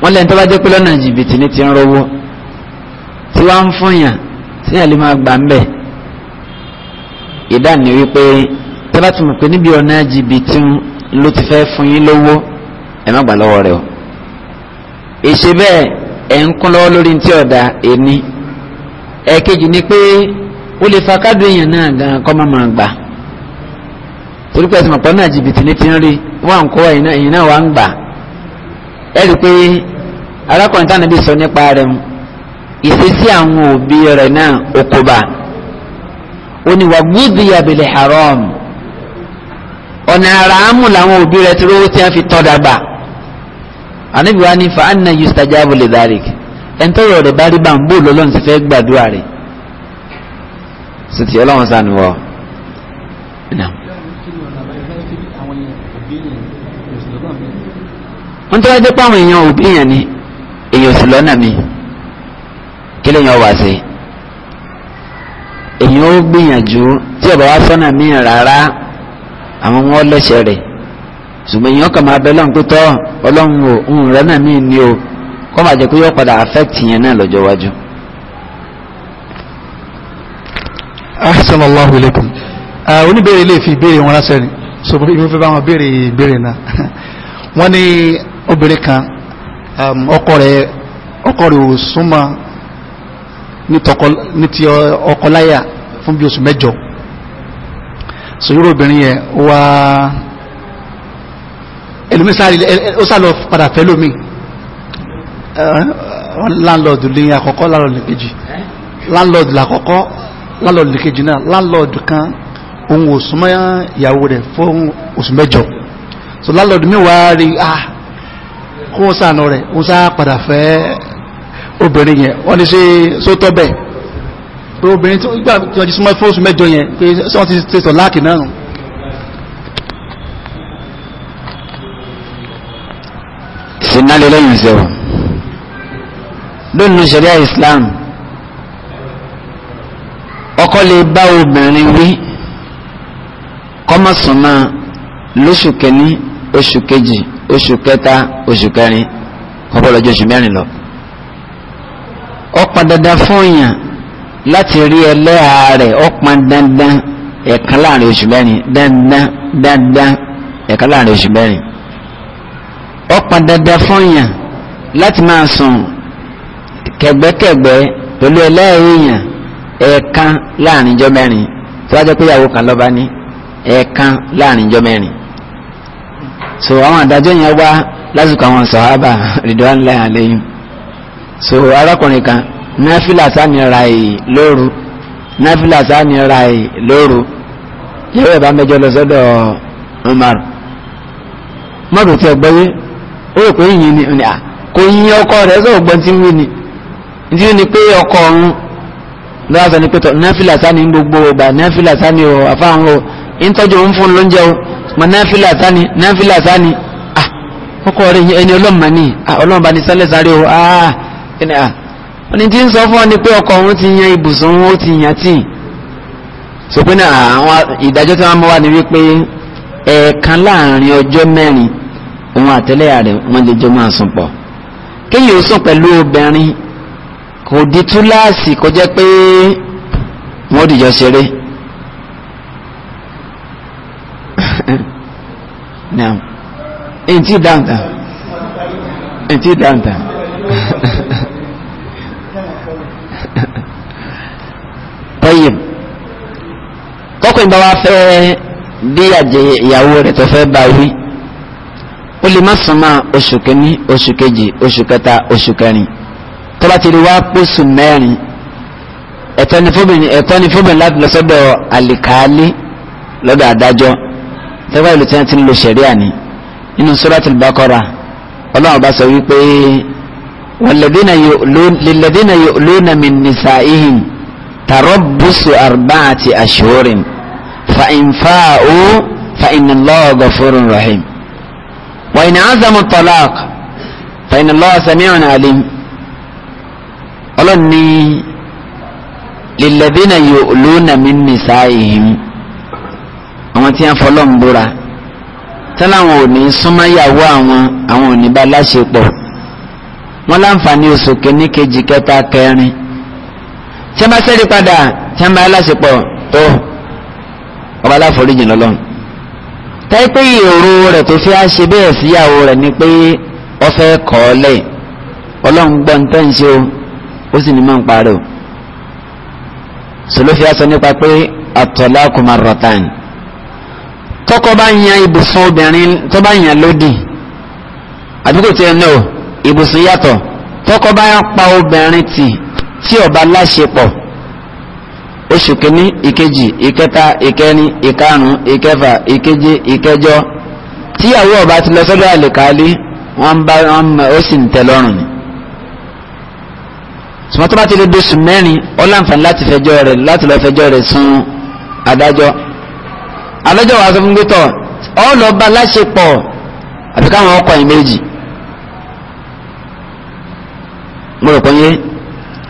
wọ́n lẹ́yìn tó bá jẹ́ pé lọ́nà jìbìtì ni ti ń rówó tí wọ́n ń fún yàn sí àlè máa gbà ń bẹ̀ ìdáni wípé tẹ́ bá ti mọ̀ pé níbi ọ̀nà jìbìtì ló ti fẹ́ fún yín lówó ẹ má gbà lọ́wọ́ rẹ̀ o èṣe bẹ́ẹ̀ ẹ̀ ń kún lọ́wọ́ lórí ti ọ̀dà ẹni ẹ̀ẹ̀kejì ni pé ó lè fa kádùn èèyàn náà gan kọ́ máa máa gbà torí pé ẹ̀sìn mọ̀pọ̀ náà jìbìtì ní ti ń rí wọ́n ń kó èèyàn náà wà ń gbà ẹ̀ rí pé arákùnrin táwọn ẹbí sọ nípa rẹ̀ mu ìṣesí àwọn òbí rẹ̀ náà okòbà ó ní wàgbúdìyà bìlẹ̀ haram ọ̀nà àràámù làwọn òbí rẹ̀ ti rówó tí wọ́n fi tọ́ dàgbà ànábì wa ní fàánà yustajabu lidhalik ẹ̀ńtọ́rọ̀ rẹ̀ bá rí bá ń bò lọ́lọ́run ti fẹ́ gbàdúrà rẹ̀ sùtì ọlọ́run sànù wọ́. wọ́n tó dé páwọn èèyàn òbí yẹn ni èèyàn sì lọ́nà mi kí lè yàn wá sí èèyàn ó gbìyànjú tí ọ̀bà wá sọ́nà mí rárá àwọn wọn lẹ́sẹ̀ rẹ̀ ṣùgbọ́n èèyàn kàn máa bẹ lọ́n pé tọ́ ọlọ́run o ń rẹ́ náà mí ni o kọ́ máa jẹ́ pé yóò padà affect yẹn náà lọ́jọ́ iwájú. Assalamu alaikum oníbèrè lè fi ìbéèrè wọn ránṣẹ́ ni so ibi fẹ́ bá wọn béèrè ìbéèrè náà wọ́n ní obìnrin kan um, ọkọ rẹ̀ ọkọ rẹ̀ ò súnmọ́ ní ti ọkọ láyà fún bí oṣù mẹ́jọ sòwúrò obìnrin yẹn wá ẹlòmísàárì ó sàlọ padà fẹ́ lómi láńlọ́ọ̀dù lè àkọ́kọ́ láńlọ́ọ̀dù kejì láńlọ́ọ̀dù làkọ́kọ́ láńlọ́ọ̀dù kejì náà láńlọ́ọ̀dù kan òun ò súnmọ́ ìyàwó rẹ̀ fún oṣù mẹ́jọ so láńlọ́ọ̀dù mẹ́wàá rí ah kó sànà rẹ̀ ó sá padà fẹ́ obìnrin yẹn wọ́n ní ṣe sótọ́ bẹ́ẹ̀ pé obìnrin tó gbà tí wọ́n ti súnmọ́ fóòsù mẹ́jọ yẹn pé sọ́n ti tẹ̀sọ̀ láàkì náà nù sinale lẹ́yìn lónìí ṣẹ̀ríà Islam ọkọ lè bá obìnrin wí kọ́mọ̀sánmá lóṣù kẹni oṣù kejì oṣù kẹta oṣù kẹrin ọ̀pọ̀lọpọ̀ oṣù mẹ́rin lọ ó padà dá fún èèyàn láti rí ẹlẹ́ha rẹ̀ ọ̀pọ̀n dandan ẹ̀kan láàrin oṣù mẹ́rin dandan dandan ẹ̀kan láàrin oṣù mẹ́rin ọ̀pọ̀n dandan fọ́nyàn láti máa sùn kẹ̀gbẹ́kẹ̀gbẹ́ pẹ̀lú ẹlẹ́ẹ̀yàn ẹ̀kan láàrin ijọ́ mẹ́rin tó wá jẹ́ pé ìyàwó kan lọ́ba ní ẹ̀kan láàrin ijọ́ mẹ́rin so àwọn àdájọ́ yẹn wá lásìkò àwọn sàhábà rìdíwánilẹ́hàn lẹ́yìn so arákùnrin kan náfìlà sáni ra lóru náfìlà bá mẹ́jọ lọ sọ́dọ̀ Umar mọ́tò tí ọgbọ́n ó ni ọ̀nà kò ọkọ rẹ̀ sọ̀rọ̀ gbọ́n tí wí ni tí ó pé ọ̀run ni gbogbo ọgbà náfìlà ń fún lóúnjẹ o mọ̀ náfìlà ni ọlọ́mọ bá ní oní tí ń sọ fún ọ ni pé ọkọ òun ti yan ibùsùn òun ó ti yan tí sọ pé náà àwọn ìdájọ́ tí wọ́n mú wá ni wípé ẹ̀ẹ̀kan láàrin ọjọ́ mẹ́rin òun àtẹ́lẹ́yà rẹ̀ wọ́n lè jọ máa sùn pọ̀ kéèyàn ó sùn pẹ̀lú obìnrin kò di túláàsì kó jẹ́ pé wọ́n dìjọ ṣeré. èyí tí dáńtà èyí tí dáńtà. tayyib tọkùnrin bá wa fẹ́ bí àjẹ ìyàwó rẹ̀ tó fẹ́ bá wí ó lè má súnmọ́ oṣù kìíní oṣù kejì oṣù kẹta oṣù kẹrin tó bá ti rí wá pósù mẹ́rin ẹ̀tọ́ ni fóbìnrin ẹ̀tọ́ ni fóbìnrin láti lọ sọ́dọ̀ àlìkàálí lọ́dọ̀ adájọ́ tẹ́gbà ìlú tí wọ́n ti ń lo ṣẹ̀ríà ni nínú suratul baqara ọlọ́run bá sọ wípé walladhina yu'luna min nisa'ihim. تربص أربعة أشهر فإن فاءوا فإن الله غفور رحيم وإن عزموا الطلاق فإن الله سميع عليم ọlọ́ni lilladhina yu'luna min nisa'ihim àwọn tí wọ́n fọlọ́ ń búra tẹ́láwọn ò ní súnmọ́yàwó àwọn àwọn ò ní bá láṣepọ̀ wọ́n láǹfààní oṣù kìíní kejì kẹta kẹrin tí a bá sẹ́rí padà tí a bá aláṣepọ̀ tó ọba aláforíjì lọ́lọ́ táyé pé ìrò rẹ̀ tó fi á ṣe bẹ́ẹ̀ síyàwó rẹ̀ ni pé ọ fẹ́ kọ́ ọ lẹ̀ ọlọ́run gbọ́ nǹkan ń ṣe o ó sì ní máa ń parẹ́ o sọlọ́fì sọ nípa pé at-talaqu marratan tọkọ bá yan ibùsùn obìnrin tó bá yan lódì àdúgbò tí ẹ náà ibùsùn yàtọ̀ tọkọ bá pa obìnrin tì tí ọba láṣepọ̀ oṣù kìíní ìkejì ìkẹta ìkẹrin ìkarùn ìkẹfà ìkeje ìkẹjọ tíyàwó ọba ti lọ sọ́dọ̀ àlèkálí wọ́n bá wọn ó sì ń tẹ́ lọ́rùn ni sùmọ́ tó bá ti lè doṣù mẹ́rin ó láǹfààní láti fẹjọ́ rẹ̀ láti lọ fẹjọ́ rẹ̀ sùn adájọ́ adájọ́ wa sọ fún gbẹ́tọ̀ ọ lọ bá láṣepọ̀ àbí káwọn ọkọ mo rò pé yé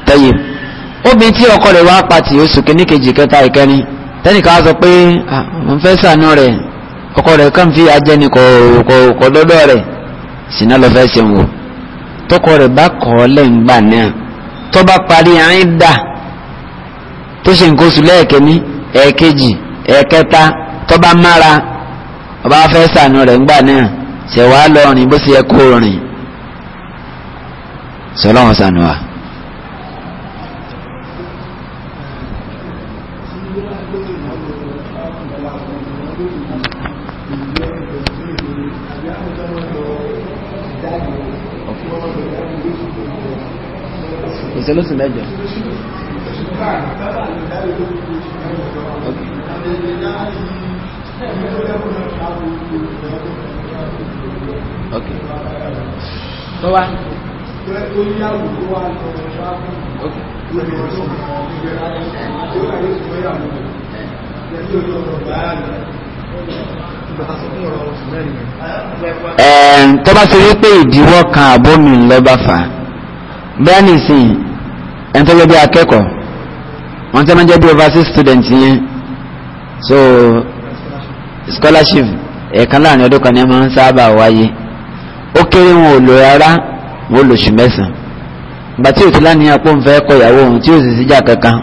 tẹ́yì obìnrin tí ọkọ rẹ̀ wá pàtì oṣù kìíní kejì kẹta ìkẹrin tẹ́nìkan á sọ pé àwọn fẹ́ sànú rẹ̀ ọkọ rẹ̀ kàn fi ajẹ́ni kọ̀ dọ́dọ̀ rẹ̀ sìnà lọ fẹ́ tọkọ rẹ̀ bá kọ̀ lẹ́ǹgbà náà tó bá parí àárín dà tó ṣe nǹkan oṣù lẹ́ẹ̀kẹ́ni bá mára ọba fẹ́ sànú ọ̀sẹ̀ lóṣù mẹ́jọ ok tó wá tó bá ṣe wípé ìdíwọ́ kan àbómi lọ́bàfà bẹ́ẹ̀ nìsín ẹni tó jẹ́ bí akẹ́kọ̀ọ́ wọ́n tẹ́ máa jẹ́ bí overseas student yẹn so scholarship ẹ̀ẹ̀kan láàrin ọdún kan ní ẹ̀ma ń sábà wáyé ó kéré wọn ò lò rárá wọn ò lò oṣù mẹ́sàn-án ìgbà tí òtí lánìyàn pò ń fẹ́ kọ ìyàwó òun tí ò sì síjà kankan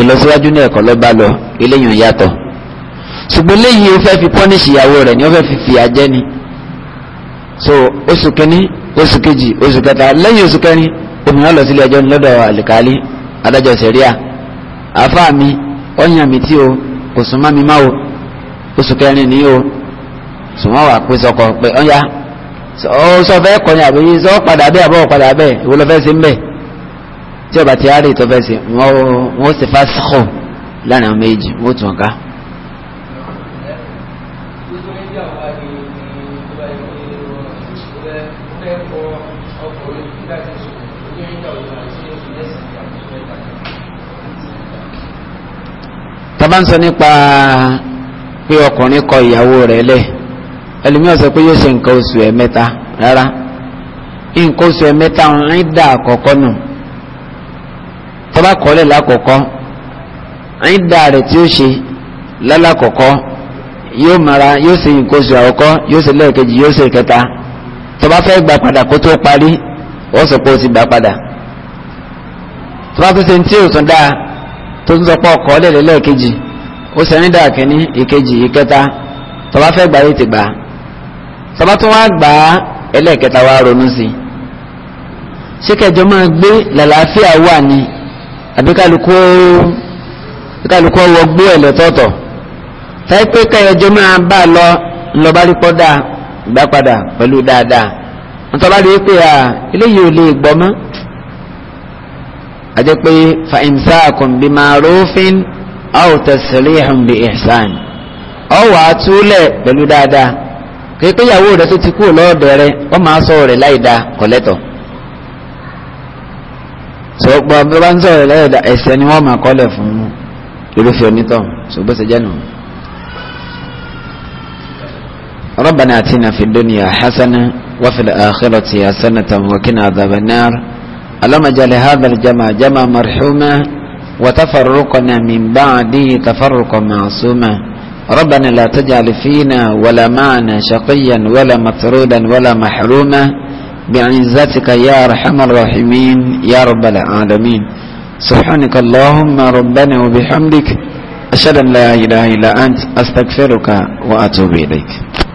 ìlọsíwájú ní ẹ̀kọ́ ló lọ eléyìí yàtọ̀ ṣùgbọ́n léyìí ó fẹ́ fi pọ́nìṣ ìyàwó rẹ̀ ni ó fẹ́ fi fìyà jẹ ni so oṣù kínní oṣù kejì oṣù kẹta lẹ́yìn oṣù kẹrin obìnrin lọ sílé ẹjọ́ lọ́dọ̀ àlìkálí adájọ́ sẹ̀ríà àáfàá mi ọ̀yàn mi tí o kò sùn má mi má o oṣù kẹrin ni o sùn wọ́n wà pé sọkọ pé ọ̀yà ó sọ fẹ́ kọ́ ni àbí sọ padà bẹ́ẹ̀ àbọ̀ padà bẹ́ẹ̀ ìwọ lọ fẹ́ ṣe ń tí ọba ti á rí ìtọ́fẹ́ sí wọ́n ó sì fásitì láàrin àwọn méjì wọ́n ó tún ká. bá ń sọ nípa pé ọkùnrin kọ ìyàwó rẹ̀ lẹ̀ ẹlòmíì sọ pé yóò ṣe nǹkan oṣù ẹ̀ mẹ́ta rárá nǹkan oṣù ẹ̀ mẹ́ta ń dà àkọ́kọ́ nù tọ́ba kọ́lẹ̀ lákọ̀ọ́kọ́ ń dà rẹ̀ tí ó ṣe lálàkọ̀ọ́kọ́ yóò mara yóò ṣe nǹkan oṣù àkọ́kọ́ yóò ṣe lẹ́ẹ̀kejì yóò ṣe kẹta tọ́ba fẹ́ gbà padà kó tó parí ó sọ pé ó ti gbà padà tọ́ba tó ṣe ní tí ò tó ń sọpọ̀ ọkọ̀ ọ̀lẹ́lẹ̀ lẹ́ẹ̀kejì ó sẹ́rin dà kínní ìkejì ìkẹta tọba fẹ́ gbà yìí ti gbà tọba tó wá gbà ẹlẹ́ẹ̀kẹta wá ronú sí i ṣé kẹjọ máa gbé làlàáfíà wà ní àbí kálukú kálukú ọwọ́ gbé ẹ̀ lọ́tọ̀ọ̀tọ̀ táyé pé kẹjọ máa bá a lọ ńlọba rí pọ́ dáa gbá padà pẹ̀lú dáadáa ntọ́ba rí pé à eléyìí ò lè gbọ́ mọ́ àjẹ́ pé fa'imsaakun bí ma'arufin aw tasirihun bí ihsan ọ wà á túlẹ̀ pẹ̀lú dáadáa kìí pé ìyàwó rẹ̀ tó ti kú lọ́ọ̀dọ̀ rẹ̀ wọ́n máa sọ rẹ̀ láìda kọ̀lẹ́tọ̀ sọ̀pọ̀ bí wọ́n sọ̀rọ̀ láìda ẹ̀ṣẹ̀ ni wọ́n máa kọ́lẹ̀ fún irúfẹ́ onítọ̀ ṣùgbọ́n ṣe jẹ́nu. ربنا اتنا في الدنيا حسنه وفي الاخره حسنه وقنا عذاب النار ألم اجعل هذا الجمع جمع مرحوما وتفرقنا من بعده تفرقا معصوما ربنا لا تجعل فينا ولا معنا شقيا ولا مطرودا ولا محروما بعزتك يا ارحم الراحمين يا رب العالمين سبحانك اللهم ربنا وبحمدك أشهد أن لا إله إلا أنت أستغفرك وأتوب إليك